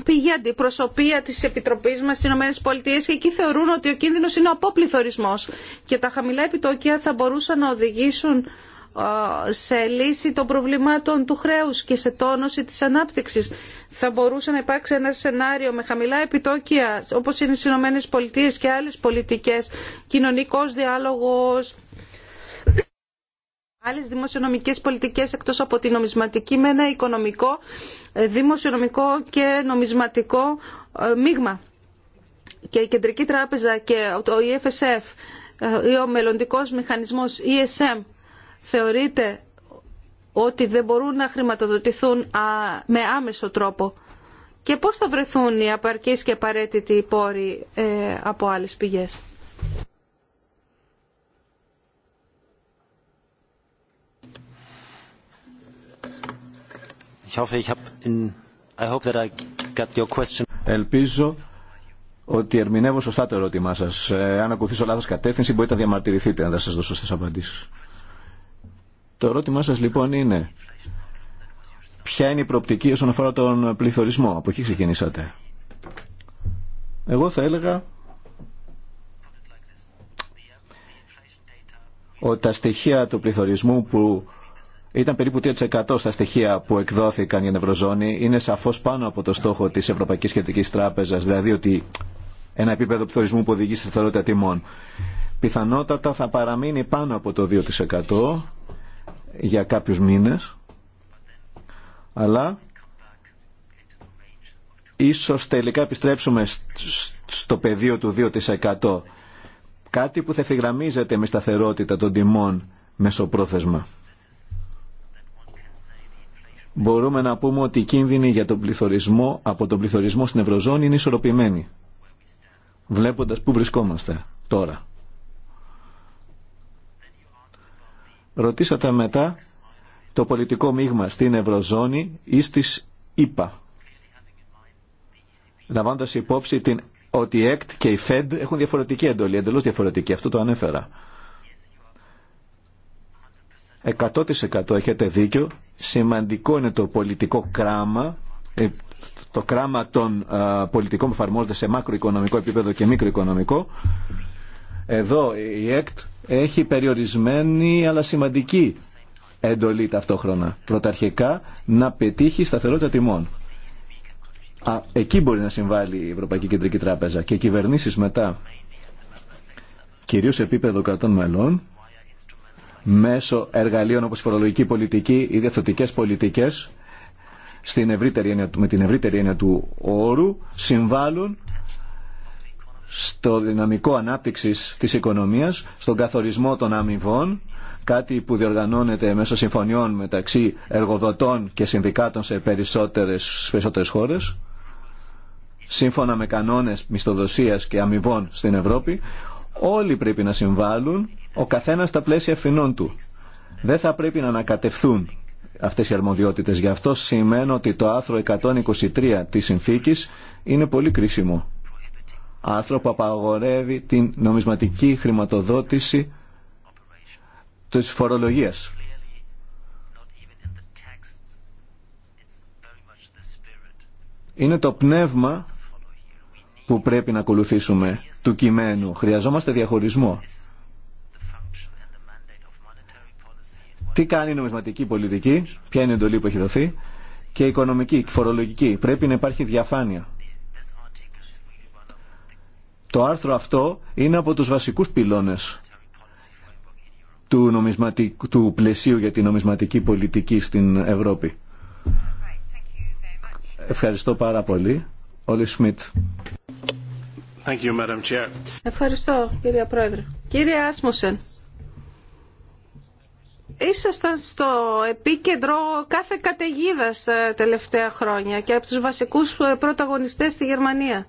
Speaker 1: πήγε αντιπροσωπεία της Επιτροπής μας στις ΗΠΑ και εκεί θεωρούν ότι ο κίνδυνος είναι ο απόπληθωρισμός και τα χαμηλά επιτόκια θα μπορούσαν να οδηγήσουν σε λύση των προβλημάτων του χρέους και σε τόνωση της ανάπτυξης. Θα μπορούσε να υπάρξει ένα σενάριο με χαμηλά επιτόκια όπως είναι οι Ηνωμένε και άλλες πολιτικές, κοινωνικός διάλογος, άλλες δημοσιονομικές πολιτικές εκτός από τη νομισματική με ένα οικονομικό, ε, δημοσιονομικό και νομισματικό ε, μείγμα. Και η Κεντρική Τράπεζα και το EFSF ε, ή ο μελλοντικός μηχανισμός ESM θεωρείται ότι δεν μπορούν να χρηματοδοτηθούν με άμεσο τρόπο. Και πώς θα βρεθούν οι απαρκείς και απαραίτητοι πόροι από άλλες πηγές.
Speaker 2: Ελπίζω ότι ερμηνεύω σωστά το ερώτημά σας. Ε, αν ακολουθήσω λάθος κατεύθυνση μπορείτε να διαμαρτυρηθείτε αν δεν σας δώσω σωστέ απαντήσει. Το ερώτημά σας λοιπόν είναι ποια είναι η προοπτική όσον αφορά τον πληθωρισμό. Από εκεί ξεκινήσατε. Εγώ θα έλεγα ότι τα στοιχεία του πληθωρισμού που ήταν περίπου 3% στα στοιχεία που εκδόθηκαν για την Ευρωζώνη. Είναι σαφώ πάνω από το στόχο τη Ευρωπαϊκή Κεντρική Τράπεζα, δηλαδή ότι ένα επίπεδο πληθωρισμού που οδηγεί στη σταθερότητα τιμών. Πιθανότατα θα παραμείνει πάνω από το 2% για κάποιους μήνες, αλλά ίσως τελικά επιστρέψουμε στο πεδίο του 2%. Κάτι που θα ευθυγραμμίζεται με σταθερότητα των τιμών μεσοπρόθεσμα μπορούμε να πούμε ότι οι κίνδυνοι για τον πληθωρισμό, από τον πληθωρισμό στην Ευρωζώνη είναι ισορροπημένοι. Βλέποντας πού βρισκόμαστε τώρα. Ρωτήσατε μετά το πολιτικό μείγμα στην Ευρωζώνη ή στις ΗΠΑ. Λαμβάνοντας υπόψη την ότι η ΕΚΤ και η ΦΕΔ έχουν διαφορετική εντολή, εντελώς διαφορετική. Αυτό το ανέφερα. 100% έχετε δίκιο. Σημαντικό είναι το πολιτικό κράμα, ε, το κράμα των πολιτικών που εφαρμόζεται σε μακροοικονομικό επίπεδο και μικροοικονομικό. Εδώ η ΕΚΤ έχει περιορισμένη αλλά σημαντική εντολή ταυτόχρονα. Πρωταρχικά να πετύχει σταθερότητα τιμών. Α, εκεί μπορεί να συμβάλλει η Ευρωπαϊκή Κεντρική Τράπεζα και οι κυβερνήσεις μετά, κυρίως σε επίπεδο κρατών μελών, μέσω εργαλείων όπως η φορολογική πολιτική ή διαθωτικές πολιτικές στην ευρύτερη με την ευρύτερη έννοια του όρου συμβάλλουν στο δυναμικό ανάπτυξης της οικονομίας, στον καθορισμό των αμοιβών, κάτι που διοργανώνεται μέσω συμφωνιών μεταξύ εργοδοτών και συνδικάτων σε περισσότερες, περισσότερες χώρες, σύμφωνα με κανόνες μισθοδοσίας και αμοιβών στην Ευρώπη, Όλοι πρέπει να συμβάλλουν, ο καθένας στα πλαίσια ευθυνών του. Δεν θα πρέπει να ανακατευθούν αυτές οι αρμοδιότητες. Γι' αυτό σημαίνω ότι το άρθρο 123 της συνθήκης είναι πολύ κρίσιμο. Άρθρο που απαγορεύει την νομισματική χρηματοδότηση της φορολογίας. Είναι το πνεύμα που πρέπει να ακολουθήσουμε του κειμένου. Χρειαζόμαστε διαχωρισμό. Τι κάνει η νομισματική πολιτική, ποια είναι η εντολή που έχει δοθεί και η οικονομική, η φορολογική. Πρέπει να υπάρχει διαφάνεια. Το άρθρο αυτό είναι από τους βασικούς πυλώνες του, του πλαισίου για τη νομισματική πολιτική στην Ευρώπη. Ευχαριστώ πάρα πολύ. Όλοι Σμιτ.
Speaker 1: Ευχαριστώ, κυρία Πρόεδρε. Κύριε Άσμουσεν, ήσασταν στο επίκεντρο κάθε καταιγίδα ε, τελευταία χρόνια και από τους βασικούς ε, πρωταγωνιστές στη Γερμανία.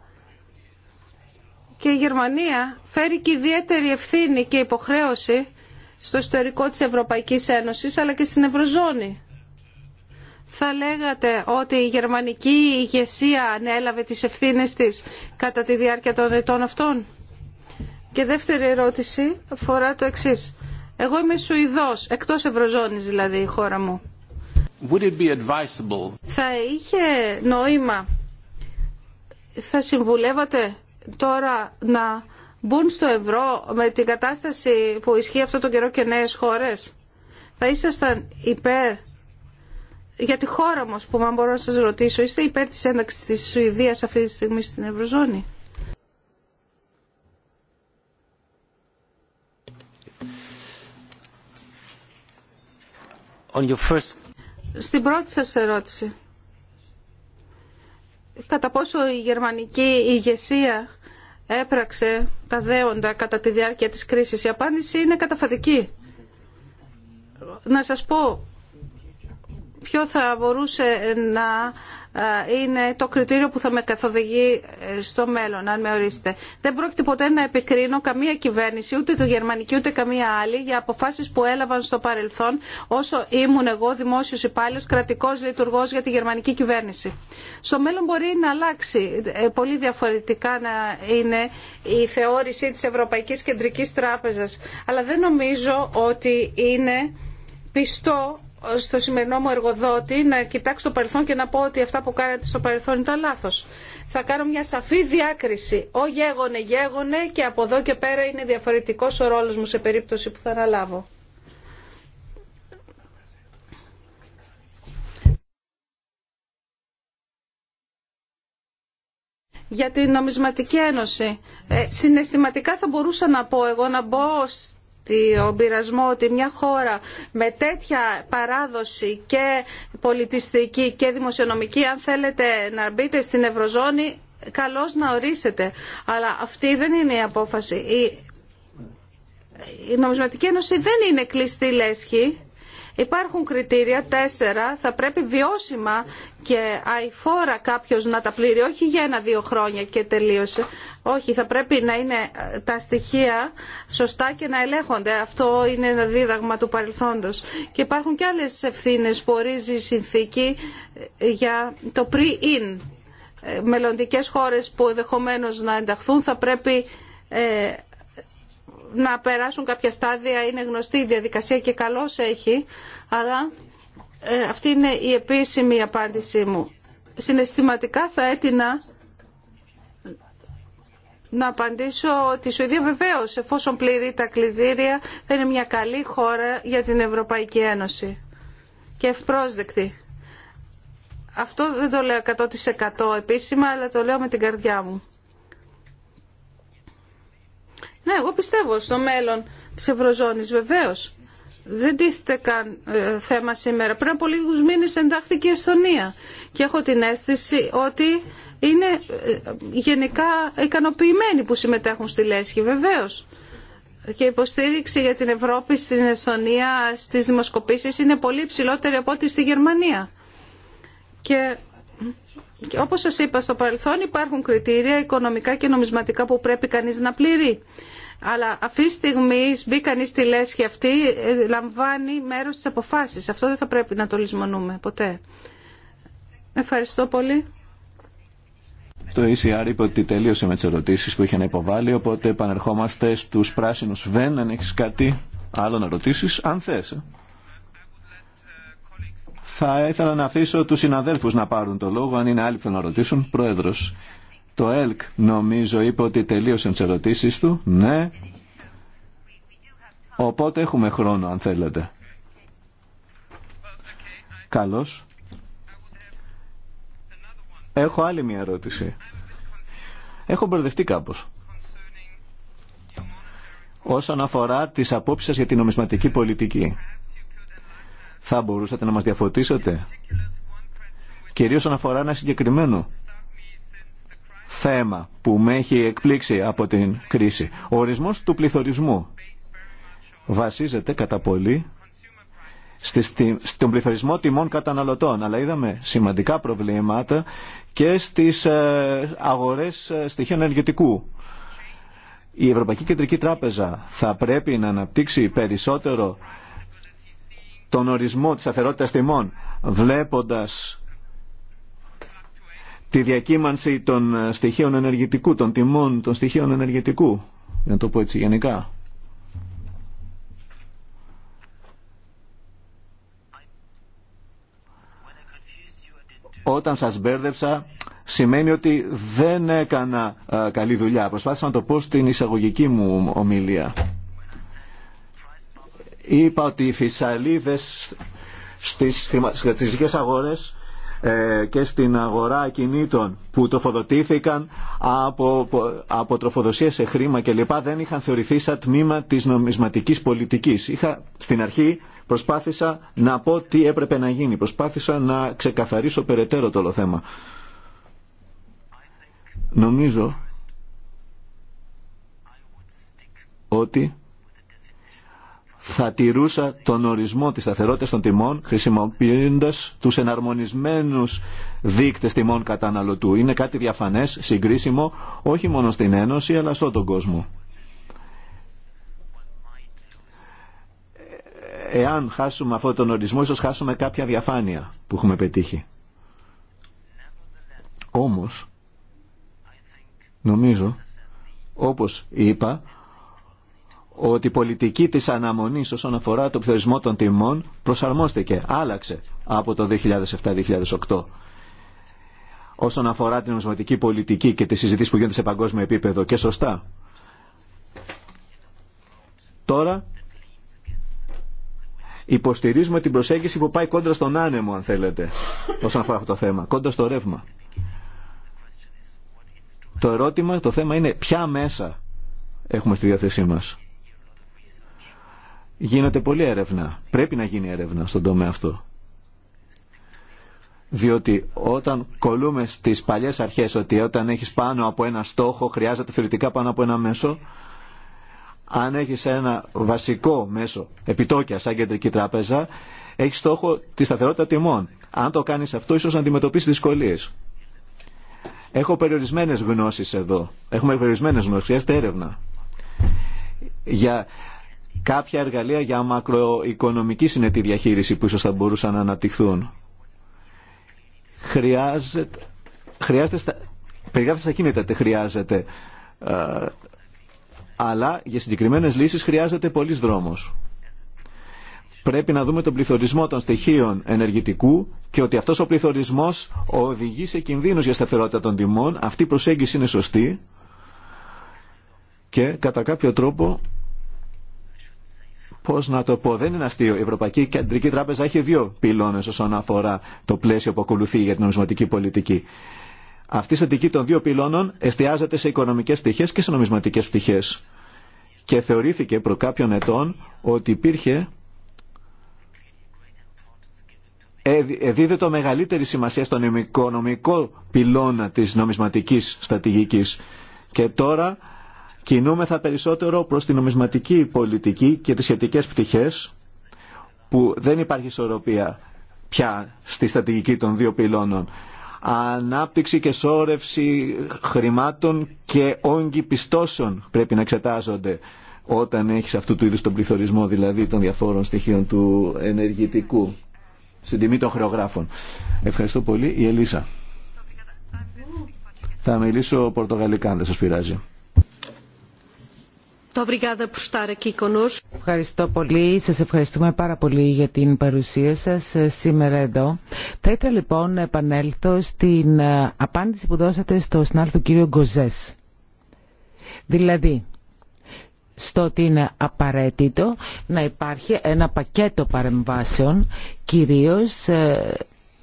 Speaker 1: Και η Γερμανία φέρει και ιδιαίτερη ευθύνη και υποχρέωση στο ιστορικό της Ευρωπαϊκής Ένωσης αλλά και στην Ευρωζώνη θα λέγατε ότι η γερμανική ηγεσία ανέλαβε τις ευθύνες της κατά τη διάρκεια των ετών αυτών. Και δεύτερη ερώτηση αφορά το εξή. Εγώ είμαι Σουηδός, εκτός Ευρωζώνης δηλαδή η χώρα μου. Θα είχε νόημα, θα συμβουλεύατε τώρα να μπουν στο ευρώ με την κατάσταση που ισχύει αυτό τον καιρό και νέες χώρες. Θα ήσασταν υπέρ για τη χώρα όμω που αν μπορώ να σας ρωτήσω, είστε υπέρ της ένταξη τη Σουηδίας αυτή τη στιγμή στην Ευρωζώνη.
Speaker 2: On your first...
Speaker 1: Στην πρώτη σας ερώτηση, κατά πόσο η γερμανική ηγεσία έπραξε τα δέοντα κατά τη διάρκεια της κρίσης, η απάντηση είναι καταφατική. Να σας πω ποιο θα μπορούσε να ε, είναι το κριτήριο που θα με καθοδηγεί ε, στο μέλλον, αν με ορίσετε. Δεν πρόκειται ποτέ να επικρίνω καμία κυβέρνηση, ούτε το γερμανική ούτε καμία άλλη, για αποφάσεις που έλαβαν στο παρελθόν όσο ήμουν εγώ δημόσιος υπάλληλο κρατικός λειτουργός για τη γερμανική κυβέρνηση. Στο μέλλον μπορεί να αλλάξει ε, πολύ διαφορετικά να είναι η θεώρηση της Ευρωπαϊκής Κεντρικής Τράπεζας. Αλλά δεν νομίζω ότι είναι πιστό στο σημερινό μου εργοδότη να κοιτάξω το παρελθόν και να πω ότι αυτά που κάνατε στο παρελθόν ήταν λάθο. Θα κάνω μια σαφή διάκριση. Ο γέγονε γέγονε και από εδώ και πέρα είναι διαφορετικός ο ρόλος μου σε περίπτωση που θα αναλάβω. για την νομισματική ένωση. Ε, συναισθηματικά θα μπορούσα να πω εγώ να μπω τον πειρασμό ότι μια χώρα με τέτοια παράδοση και πολιτιστική και δημοσιονομική, αν θέλετε να μπείτε στην Ευρωζώνη, καλώς να ορίσετε. Αλλά αυτή δεν είναι η απόφαση. Η, η Νομισματική Ένωση δεν είναι κλειστή λέσχη. Υπάρχουν κριτήρια, τέσσερα, θα πρέπει βιώσιμα και αηφόρα κάποιος να τα πλήρει, όχι για ένα-δύο χρόνια και τελείωσε. Όχι, θα πρέπει να είναι ε, τα στοιχεία σωστά και να ελέγχονται. Αυτό είναι ένα δίδαγμα του παρελθόντος. Και υπάρχουν και άλλες ευθύνες που ορίζει η συνθήκη ε, για το pre-in. Ε, μελλοντικές χώρες που ενδεχομένω να ενταχθούν θα πρέπει να περάσουν κάποια στάδια, είναι γνωστή η διαδικασία και καλώς έχει, αλλά ε, αυτή είναι η επίσημη απάντησή μου. Συναισθηματικά θα έτεινα να απαντήσω ότι η Σουηδία βεβαίω, εφόσον πληρεί τα κλειδίρια, θα είναι μια καλή χώρα για την Ευρωπαϊκή Ένωση και ευπρόσδεκτη. Αυτό δεν το λέω 100% επίσημα, αλλά το λέω με την καρδιά μου. Ναι, εγώ πιστεύω στο μέλλον τη Ευρωζώνης βεβαίω, Δεν τίθεται καν ε, θέμα σήμερα. Πριν από λίγου μήνε εντάχθηκε η Εστονία και έχω την αίσθηση ότι είναι ε, γενικά ικανοποιημένοι που συμμετέχουν στη Λέσχη, βεβαίω. Και η υποστήριξη για την Ευρώπη στην Εστονία στις δημοσκοπήσεις είναι πολύ ψηλότερη από ό,τι στη Γερμανία. Και όπως σας είπα στο παρελθόν υπάρχουν κριτήρια οικονομικά και νομισματικά που πρέπει κανείς να πληρεί. Αλλά αυτή τη στιγμή μπει κανείς στη λέσχη αυτή, ε, λαμβάνει μέρος της αποφάσης. Αυτό δεν θα πρέπει να το λησμονούμε ποτέ. Ευχαριστώ πολύ.
Speaker 2: Το ECR είπε ότι τελείωσε με τις ερωτήσεις που είχε να υποβάλει, οπότε επανερχόμαστε στους πράσινους. Βεν, αν έχεις κάτι άλλο να ρωτήσεις, αν θες. Ε. Θα ήθελα να αφήσω τους συναδέλφους να πάρουν το λόγο, αν είναι άλλοι που θέλουν να ρωτήσουν. Πρόεδρος, το ΕΛΚ νομίζω είπε ότι τελείωσαν τις ερωτήσεις του. Ναι. Οπότε έχουμε χρόνο αν θέλετε. Καλώς. Έχω άλλη μια ερώτηση. Έχω μπερδευτεί κάπως. Όσον αφορά τις απόψεις για την νομισματική πολιτική. Θα μπορούσατε να μας διαφωτίσετε. Κυρίως όσον αφορά ένα συγκεκριμένο θέμα που με έχει εκπλήξει από την κρίση. Ο ορισμός του πληθωρισμού βασίζεται κατά πολύ στον πληθωρισμό τιμών καταναλωτών. Αλλά είδαμε σημαντικά προβλήματα και στις ε, αγορές ε, στοιχείων ενεργητικού. Η Ευρωπαϊκή Κεντρική Τράπεζα θα πρέπει να αναπτύξει περισσότερο τον ορισμό της αθερότητας τιμών βλέποντας τη διακύμανση των ε, στοιχείων ενεργητικού, των τιμών των στοιχείων ενεργητικού, για να το πω έτσι γενικά. Όταν σας μπέρδευσα, σημαίνει ότι δεν έκανα ε, καλή δουλειά. Προσπάθησα να το πω στην εισαγωγική μου ομιλία είπα ότι οι φυσαλίδες στις χρηματιστικές αγορές ε, και στην αγορά κινήτων που τροφοδοτήθηκαν από, από τροφοδοσία σε χρήμα κλπ. δεν είχαν θεωρηθεί σαν τμήμα της νομισματικής πολιτικής. Είχα, στην αρχή προσπάθησα να πω τι έπρεπε να γίνει. Προσπάθησα να ξεκαθαρίσω περαιτέρω το όλο θέμα. Νομίζω ότι θα τηρούσα τον ορισμό της σταθερότητας των τιμών χρησιμοποιώντας τους εναρμονισμένους δείκτες τιμών καταναλωτού. Είναι κάτι διαφανές, συγκρίσιμο, όχι μόνο στην Ένωση αλλά σε όλο τον κόσμο. Εάν χάσουμε αυτόν τον ορισμό, ίσως χάσουμε κάποια διαφάνεια που έχουμε πετύχει. Όμως, νομίζω, όπως είπα, ότι η πολιτική της αναμονής όσον αφορά το πληθωρισμό των τιμών προσαρμόστηκε, άλλαξε από το 2007-2008 όσον αφορά την νομισματική πολιτική και τις συζητήσεις που γίνονται σε παγκόσμιο επίπεδο και σωστά. Τώρα υποστηρίζουμε την προσέγγιση που πάει κόντρα στον άνεμο, αν θέλετε, όσον αφορά αυτό το θέμα, κόντρα στο ρεύμα. Το ερώτημα, το θέμα είναι ποια μέσα έχουμε στη διάθεσή μας. Γίνεται πολλή έρευνα. Πρέπει να γίνει έρευνα στον τομέα αυτό. Διότι όταν κολλούμε στις παλιές αρχές ότι όταν έχεις πάνω από ένα στόχο χρειάζεται θεωρητικά πάνω από ένα μέσο, αν έχεις ένα βασικό μέσο επιτόκια σαν κεντρική τράπεζα, έχεις στόχο τη σταθερότητα τιμών. Αν το κάνεις αυτό, ίσως να αντιμετωπίσεις δυσκολίες. Έχω περιορισμένες γνώσεις εδώ. Έχουμε περιορισμένες γνώσεις. Χρειάζεται έρευνα. Για κάποια εργαλεία για μακροοικονομική συνετή διαχείριση που ίσως θα μπορούσαν να αναπτυχθούν. Χρειάζεται, χρειάζεται στα, περιγράφεται στα κίνητα, χρειάζεται. Ε, αλλά για συγκεκριμένες λύσεις χρειάζεται πολλής δρόμος. Πρέπει να δούμε τον πληθωρισμό των στοιχείων ενεργητικού και ότι αυτός ο πληθωρισμός οδηγεί σε κινδύνους για σταθερότητα των τιμών. Αυτή η προσέγγιση είναι σωστή και κατά κάποιο τρόπο Πώ να το πω, δεν είναι αστείο. Η Ευρωπαϊκή Κεντρική Τράπεζα έχει δύο πυλώνε όσον αφορά το πλαίσιο που ακολουθεί για την νομισματική πολιτική. Αυτή η στατική των δύο πυλώνων εστιάζεται σε οικονομικέ πτυχέ και σε νομισματικέ πτυχέ. Και θεωρήθηκε προ κάποιων ετών ότι υπήρχε δίδεται μεγαλύτερη σημασία στον οικονομικό πυλώνα της νομισματικής στρατηγικής. Και τώρα Κινούμεθα περισσότερο προς την νομισματική πολιτική και τις σχετικές πτυχές που δεν υπάρχει ισορροπία πια στη στρατηγική των δύο πυλώνων. Ανάπτυξη και σώρευση χρημάτων και όγκοι πιστώσεων πρέπει να εξετάζονται όταν έχεις αυτού του είδους τον πληθωρισμό δηλαδή των διαφόρων στοιχείων του ενεργητικού στην τιμή των χρεογράφων. Ευχαριστώ πολύ. Η Ελίσσα. Θα μιλήσω πορτογαλικά αν δεν σας πειράζει.
Speaker 1: Ευχαριστώ
Speaker 3: πολύ. Σας ευχαριστούμε πάρα πολύ για την παρουσία σας ε, σήμερα εδώ. Θα ήθελα λοιπόν να επανέλθω στην ε, απάντηση που δώσατε στο συνάδελφο κύριο Γκοζέ. Δηλαδή, στο ότι είναι απαραίτητο να υπάρχει ένα πακέτο παρεμβάσεων, κυρίως ε,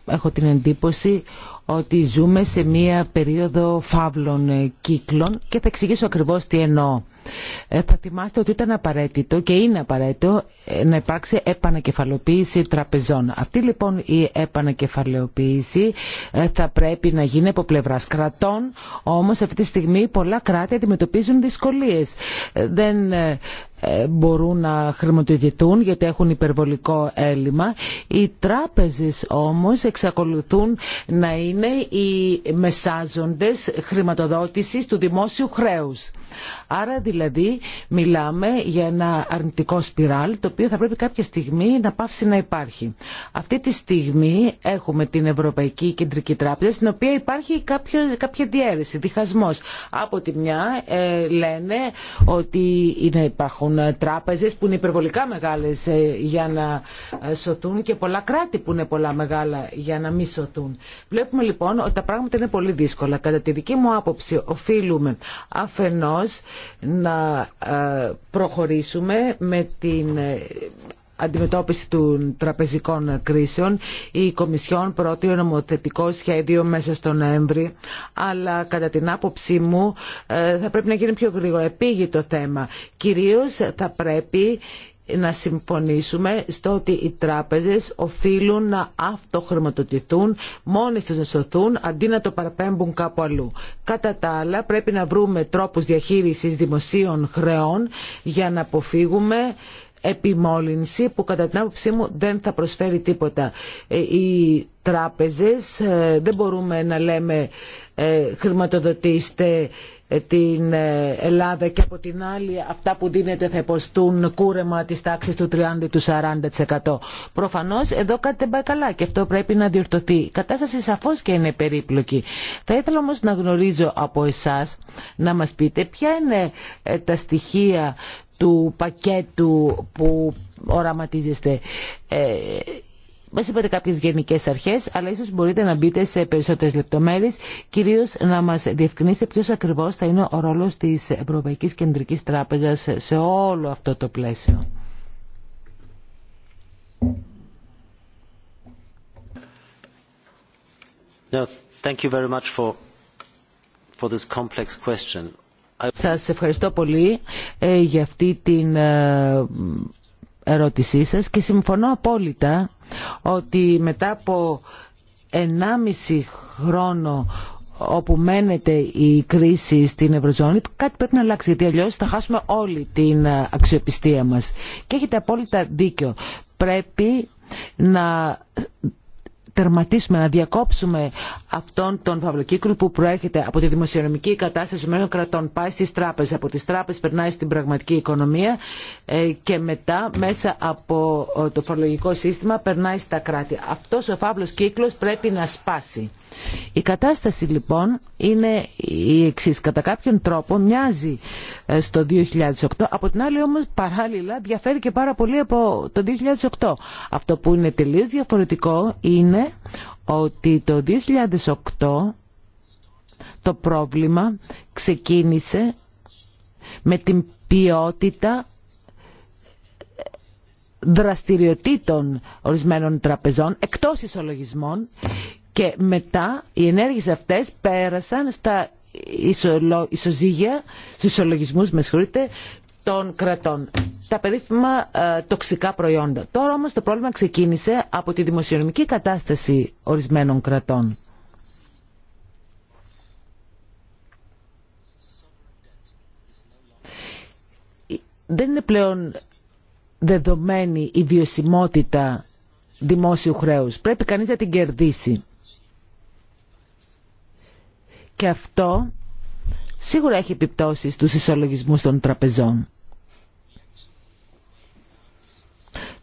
Speaker 3: έχω την εντύπωση ότι ζούμε σε μία περίοδο φαύλων κύκλων και θα εξηγήσω ακριβώς τι εννοώ. Ε, θα θυμάστε ότι ήταν απαραίτητο και είναι απαραίτητο ε, να υπάρξει επανακεφαλοποίηση τραπεζών. Αυτή λοιπόν η επανακεφαλοποίηση ε, θα πρέπει να γίνει από πλευρά κρατών, όμως αυτή τη στιγμή πολλά κράτη αντιμετωπίζουν δυσκολίες. Δεν μπορούν να χρηματοδοτηθούν γιατί έχουν υπερβολικό έλλειμμα. Οι τράπεζες όμως εξακολουθούν να είναι οι μεσάζοντες χρηματοδότησης του δημόσιου χρέους. Άρα δηλαδή μιλάμε για ένα αρνητικό σπιράλ το οποίο θα πρέπει κάποια στιγμή να πάυσει να υπάρχει. Αυτή τη στιγμή έχουμε την Ευρωπαϊκή Κεντρική Τράπεζα στην οποία υπάρχει κάποιο, κάποια διαίρεση, διχασμός. Από τη μια ε, λένε ότι είναι, υπάρχουν τράπεζες που είναι υπερβολικά μεγάλες ε, για να ε, σωθούν και πολλά κράτη που είναι πολλά μεγάλα για να μη σωθούν. Βλέπουμε λοιπόν ότι τα πράγματα είναι πολύ δύσκολα. Κατά τη δική μου άποψη οφείλουμε αφενός να ε, προχωρήσουμε με την ε, αντιμετώπιση των τραπεζικών κρίσεων. Η Κομισιόν πρότεινε νομοθετικό σχέδιο μέσα στο Νοέμβρη, αλλά κατά την άποψή μου ε, θα πρέπει να γίνει πιο γρήγορα. επίγει το θέμα. Κυρίως θα πρέπει να συμφωνήσουμε στο ότι οι τράπεζες οφείλουν να αυτοχρηματοδοτηθούν μόνες τους να σωθούν αντί να το παραπέμπουν κάπου αλλού. Κατά τα άλλα πρέπει να βρούμε τρόπους διαχείρισης δημοσίων χρεών για να αποφύγουμε επιμόλυνση που κατά την άποψή μου δεν θα προσφέρει τίποτα. Ε, οι τράπεζες ε, δεν μπορούμε να λέμε ε, χρηματοδοτήστε την ε, Ελλάδα και από την άλλη αυτά που δίνεται θα υποστούν κούρεμα της τάξης του 30% του 40%. Προφανώς εδώ κάτι δεν πάει καλά και αυτό πρέπει να διορθωθεί. Η κατάσταση σαφώς και είναι περίπλοκη. Θα ήθελα όμως να γνωρίζω από εσάς να μας πείτε ποια είναι ε, τα στοιχεία του πακέτου που οραματίζεστε. Ε, Μα είπατε κάποιε γενικέ αρχέ, αλλά ίσω μπορείτε να μπείτε σε περισσότερε λεπτομέρειε κυρίω να μα διευκρινίσετε ποιο ακριβώ θα είναι ο ρόλο τη Ευρωπαϊκή Κεντρική Τράπεζα σε όλο αυτό το πλαίσιο. No, Σας ευχαριστώ πολύ ε, για αυτή την ε, ερώτησή σας και συμφωνώ απόλυτα ότι μετά από 1,5 χρόνο όπου μένεται η κρίση στην Ευρωζώνη, κάτι πρέπει να αλλάξει, γιατί αλλιώς θα χάσουμε όλη την αξιοπιστία μας. Και έχετε απόλυτα δίκιο. Πρέπει να τερματίσουμε, να διακόψουμε αυτόν τον φαυλοκύκλο που προέρχεται από τη δημοσιονομική κατάσταση των κρατών, πάει στις τράπεζες, από τις τράπεζες περνάει στην πραγματική οικονομία ε, και μετά μέσα από ε, το φορολογικό σύστημα περνάει στα κράτη. Αυτός ο φαύλος κύκλος πρέπει να σπάσει. Η κατάσταση λοιπόν είναι η εξής. Κατά κάποιον τρόπο μοιάζει ε, στο 2008, από την άλλη όμως παράλληλα διαφέρει και πάρα πολύ από το 2008. Αυτό που είναι τελείως διαφορετικό είναι ότι το 2008 το πρόβλημα ξεκίνησε με την ποιότητα δραστηριοτήτων ορισμένων τραπεζών εκτός ισολογισμών και μετά οι ενέργειες αυτές πέρασαν στα ισοζύγια, στους ισολογισμούς με συγχωρείτε, των κρατών. Τα περίφημα ε, τοξικά προϊόντα. Τώρα όμως το πρόβλημα ξεκίνησε από τη δημοσιονομική κατάσταση ορισμένων κρατών. Δεν είναι πλέον δεδομένη η βιωσιμότητα δημόσιου χρέους. Πρέπει κανείς να την κερδίσει. Και αυτό σίγουρα έχει επιπτώσει στους ισολογισμούς των τραπεζών.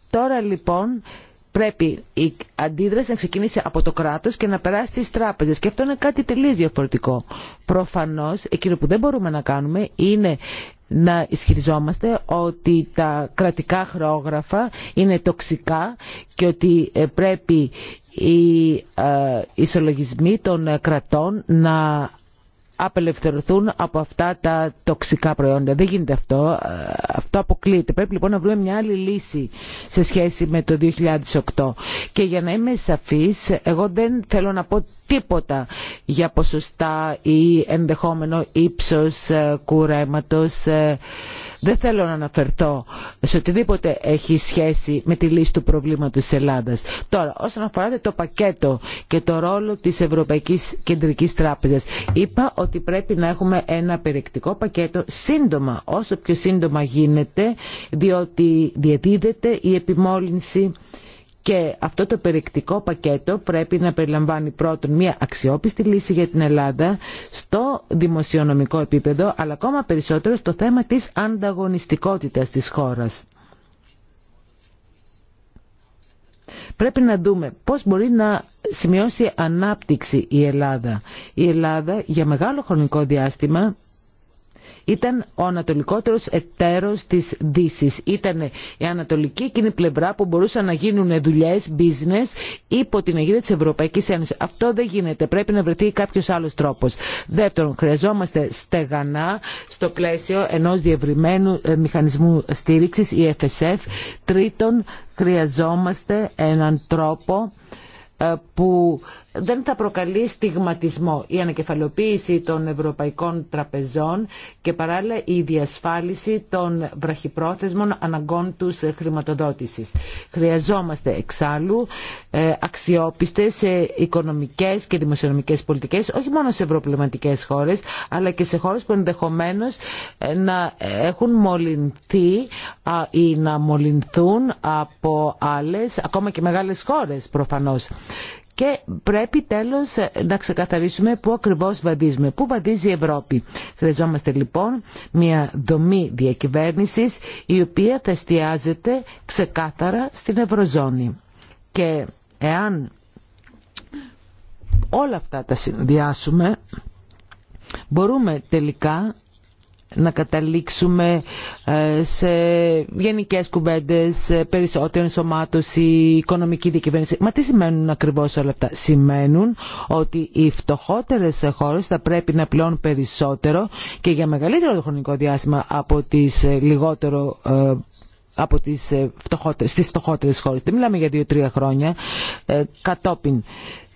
Speaker 3: Τώρα λοιπόν πρέπει η αντίδραση να ξεκινήσει από το κράτος και να περάσει στις τράπεζες. Και αυτό είναι κάτι τελείως διαφορετικό. Προφανώς εκείνο που δεν μπορούμε να κάνουμε είναι να ισχυριζόμαστε ότι τα κρατικά χρόγραφα είναι τοξικά και ότι ε, πρέπει οι ε, ισολογισμοί των ε, κρατών να απελευθερωθούν από αυτά τα τοξικά προϊόντα. Δεν γίνεται αυτό. Ε, αυτό αποκλείεται. Πρέπει λοιπόν να βρούμε μια άλλη λύση σε σχέση με το 2008. Και για να είμαι σαφής, εγώ δεν θέλω να πω τίποτα για ποσοστά ή ενδεχόμενο ύψος ε, κουρέματο. Ε, δεν θέλω να αναφερθώ σε οτιδήποτε έχει σχέση με τη λύση του προβλήματος της Ελλάδας. Τώρα, όσον αφορά το πακέτο και το ρόλο της Ευρωπαϊκής Κεντρικής Τράπεζας, είπα ότι πρέπει να έχουμε ένα περιεκτικό πακέτο σύντομα, όσο πιο σύντομα γίνεται, διότι διαδίδεται η επιμόλυνση και αυτό το περιεκτικό πακέτο πρέπει να περιλαμβάνει πρώτον μια αξιόπιστη λύση για την Ελλάδα στο δημοσιονομικό επίπεδο, αλλά ακόμα περισσότερο στο θέμα της ανταγωνιστικότητας της χώρας. Πρέπει να δούμε πώς μπορεί να σημειώσει ανάπτυξη η Ελλάδα. Η Ελλάδα για μεγάλο χρονικό διάστημα ήταν ο ανατολικότερος εταίρος της δύση. Ήταν η ανατολική κοινή πλευρά που μπορούσαν να γίνουν δουλειές, business, υπό την αιγύρια της Ευρωπαϊκής Ένωσης. Αυτό δεν γίνεται. Πρέπει να βρεθεί κάποιος άλλος τρόπος. Δεύτερον, χρειαζόμαστε στεγανά στο πλαίσιο ενός διευρυμένου ε, μηχανισμού στήριξης, η FSF. Τρίτον, χρειαζόμαστε έναν τρόπο ε, που δεν θα προκαλεί στιγματισμό. Η ανακεφαλοποίηση των ευρωπαϊκών τραπεζών και παράλληλα η διασφάλιση των βραχυπρόθεσμων αναγκών τους χρηματοδότησης. Χρειαζόμαστε εξάλλου ε, αξιόπιστες ε, οικονομικές και δημοσιονομικές πολιτικές, όχι μόνο σε ευρωπληματικές χώρες, αλλά και σε χώρες που ενδεχομένως να έχουν μολυνθεί ή να μολυνθούν από άλλες, ακόμα και μεγάλες χώρες προφανώς. Και πρέπει τέλος να ξεκαθαρίσουμε πού ακριβώς βαδίζουμε, πού βαδίζει η Ευρώπη. Χρειαζόμαστε λοιπόν μια δομή διακυβέρνησης η οποία θα εστιάζεται ξεκάθαρα στην Ευρωζώνη. Και εάν όλα αυτά τα συνδυάσουμε μπορούμε τελικά να καταλήξουμε ε, σε γενικές κουβέντες, περισσότερη ενσωμάτωση, οικονομική διακυβέρνηση. Μα τι σημαίνουν ακριβώς όλα αυτά. Σημαίνουν ότι οι φτωχότερες χώρες θα πρέπει να πλέον περισσότερο και για μεγαλύτερο χρονικό διάστημα από τις ε, λιγότερο ε, από τις φτωχότερες, στις χώρες. Δεν μιλάμε για δύο-τρία χρόνια κατόπιν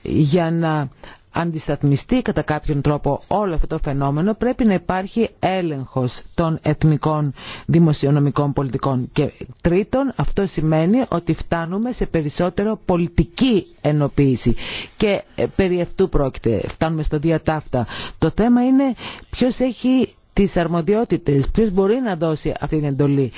Speaker 3: για να αντισταθμιστεί κατά κάποιον τρόπο όλο αυτό το φαινόμενο πρέπει να υπάρχει έλεγχος των εθνικών δημοσιονομικών πολιτικών. Και τρίτον, αυτό σημαίνει ότι φτάνουμε σε περισσότερο πολιτική ενοποίηση. Και ε, περί αυτού πρόκειται, φτάνουμε στο διατάφτα. Το θέμα είναι ποιος έχει τις αρμοδιότητες, ποιος μπορεί να δώσει αυτή την εντολή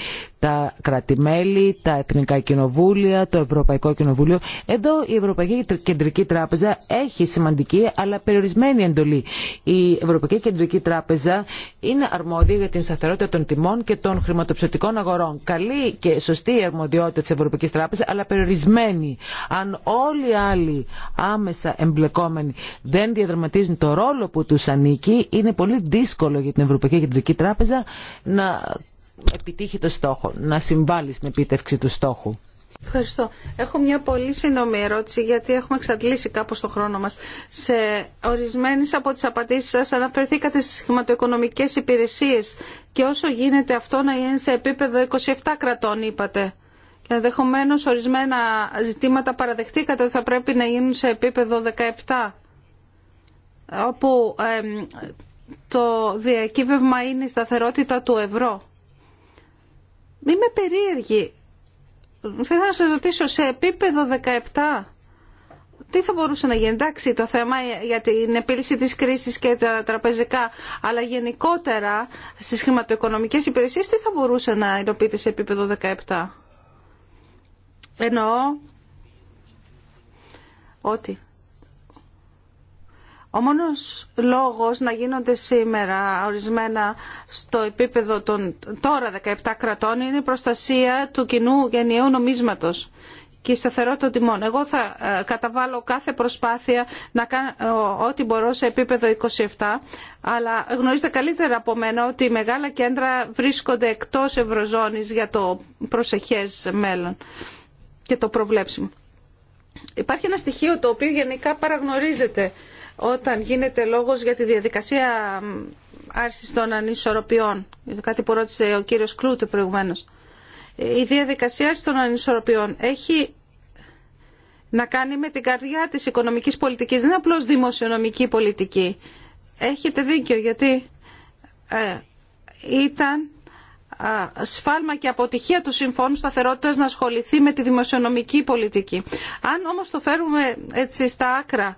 Speaker 3: τα κρατημέλη, τα εθνικά κοινοβούλια, το Ευρωπαϊκό Κοινοβούλιο. Εδώ η Ευρωπαϊκή Κεντρική Τράπεζα έχει σημαντική αλλά περιορισμένη εντολή. Η Ευρωπαϊκή Κεντρική Τράπεζα είναι αρμόδια για την σταθερότητα των τιμών και των χρηματοψηφιστικών αγορών. Καλή και σωστή η αρμοδιότητα τη Ευρωπαϊκή Τράπεζα, αλλά περιορισμένη. Αν όλοι οι άλλοι άμεσα εμπλεκόμενοι δεν διαδραματίζουν το ρόλο που του ανήκει, είναι πολύ δύσκολο για την Ευρωπαϊκή Κεντρική Τράπεζα να επιτύχει το στόχο, να συμβάλλει στην επίτευξη του στόχου.
Speaker 1: Ευχαριστώ. Έχω μια πολύ σύντομη ερώτηση γιατί έχουμε εξαντλήσει κάπως το χρόνο μας. Σε ορισμένες από τις απαντήσεις σας αναφερθήκατε στις χρηματοοικονομικές υπηρεσίες και όσο γίνεται αυτό να είναι σε επίπεδο 27 κρατών είπατε. Και ενδεχομένω ορισμένα ζητήματα παραδεχτήκατε ότι θα πρέπει να γίνουν σε επίπεδο 17 όπου το διακύβευμα είναι η σταθερότητα του ευρώ με περίεργη. Θα ήθελα να σας ρωτήσω σε επίπεδο 17 τι θα μπορούσε να γίνει. Εντάξει, το θέμα για την επίλυση της κρίσης και τα τραπεζικά, αλλά γενικότερα στις χρηματοοικονομικές υπηρεσίες τι θα μπορούσε να υλοποιείται σε επίπεδο 17. Εννοώ ότι ο μόνος λόγος να γίνονται σήμερα ορισμένα στο επίπεδο των τώρα 17 κρατών είναι η προστασία του κοινού γενιαίου νομίσματος και η σταθερότητα των τιμών. Εγώ θα ε, καταβάλω κάθε προσπάθεια να κάνω ε, ό,τι μπορώ σε επίπεδο 27, αλλά γνωρίζετε καλύτερα από μένα ότι οι μεγάλα κέντρα βρίσκονται εκτός ευρωζώνης για το προσεχές μέλλον και το προβλέψιμο. Υπάρχει ένα στοιχείο το οποίο γενικά παραγνωρίζεται όταν γίνεται λόγος για τη διαδικασία άρσης των ανισορροπιών. Κάτι που ρώτησε ο κύριος Κλούτε προηγουμένως. Η διαδικασία άρσης των ανισορροπιών έχει να κάνει με την καρδιά της οικονομικής πολιτικής. Δεν είναι απλώς δημοσιονομική πολιτική. Έχετε δίκιο γιατί ε, ήταν σφάλμα και αποτυχία του Συμφώνου Σταθερότητας να ασχοληθεί με τη δημοσιονομική πολιτική. Αν όμως το φέρουμε έτσι στα άκρα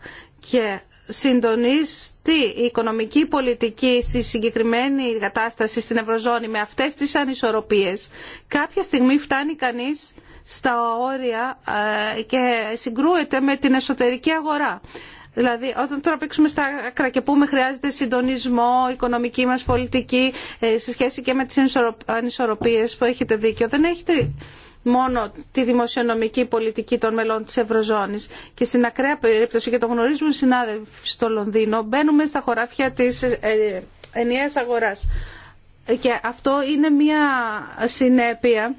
Speaker 1: και συντονιστεί η οικονομική πολιτική στη συγκεκριμένη κατάσταση στην Ευρωζώνη με αυτές τις ανισορροπίες, κάποια στιγμή φτάνει κανείς στα όρια ε, και συγκρούεται με την εσωτερική αγορά. Δηλαδή, όταν τώρα πήξουμε στα άκρα και πούμε χρειάζεται συντονισμό, οικονομική μας πολιτική, ε, σε σχέση και με τις ανισορροπίες που έχετε δίκιο, δεν έχετε μόνο τη δημοσιονομική πολιτική των μελών της Ευρωζώνης. Και στην ακραία περίπτωση, και το γνωρίζουν οι συνάδελφοι στο Λονδίνο, μπαίνουμε στα χωράφια της ε, ε, ενιαίας αγοράς. Και αυτό είναι μια συνέπεια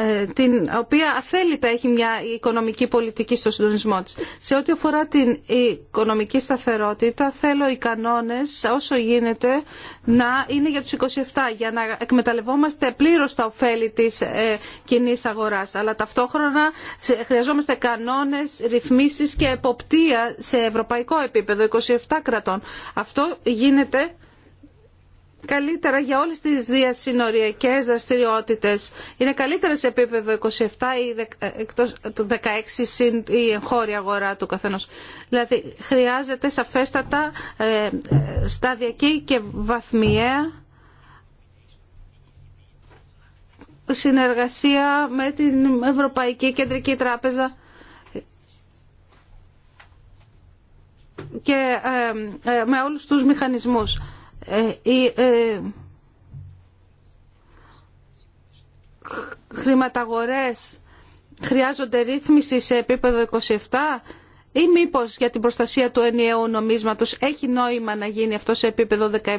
Speaker 1: ε, την οποία αθέλητα έχει μια οικονομική πολιτική στο συντονισμό της. Σε ό,τι αφορά την οικονομική σταθερότητα, θέλω οι κανόνες όσο γίνεται να είναι για τους 27, για να εκμεταλλευόμαστε πλήρως τα ωφέλη της ε, κοινή αγοράς. Αλλά ταυτόχρονα χρειαζόμαστε κανόνες, ρυθμίσεις και εποπτεία σε ευρωπαϊκό επίπεδο 27 κρατών. Αυτό γίνεται καλύτερα για όλες τις διασυνοριακές δραστηριότητες. Είναι καλύτερα σε επίπεδο 27 ή 16 ε, συν η εγχώρια αγορά του καθενός. Δηλαδή χρειάζεται σαφέστατα ε, ε, σταδιακή και βαθμιαία συνεργασία με την Ευρωπαϊκή Κεντρική Τράπεζα και με όλους τους μηχανισμούς. Οι ε, ε, χρηματαγορές χρειάζονται ρύθμιση σε επίπεδο 27 ή μήπως για την προστασία του ενιαίου νομίσματος έχει νόημα να γίνει αυτό σε επίπεδο 17.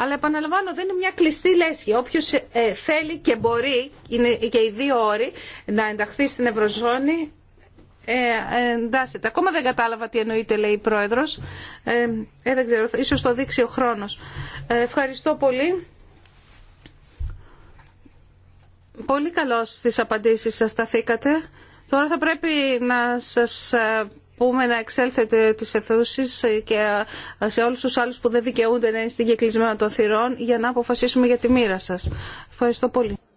Speaker 1: Αλλά επαναλαμβάνω, δεν είναι μια κλειστή λέσχη. Όποιο ε, θέλει και μπορεί, είναι και οι δύο όροι, να ενταχθεί στην Ευρωζώνη, ε, εντάσσεται. Ακόμα δεν κατάλαβα τι εννοείται, λέει η Πρόεδρος. Ε, ε δεν ξέρω, ίσως το δείξει ο χρόνος. Ε, ευχαριστώ πολύ. Πολύ καλώς στις απαντήσεις σας σταθήκατε. Τώρα θα πρέπει να σας πούμε να εξέλθετε τις εθνούσεις και σε όλους τους άλλους που δεν δικαιούνται να είναι στην κεκλεισμένα των θυρών για να αποφασίσουμε για τη μοίρα σας. Ευχαριστώ πολύ.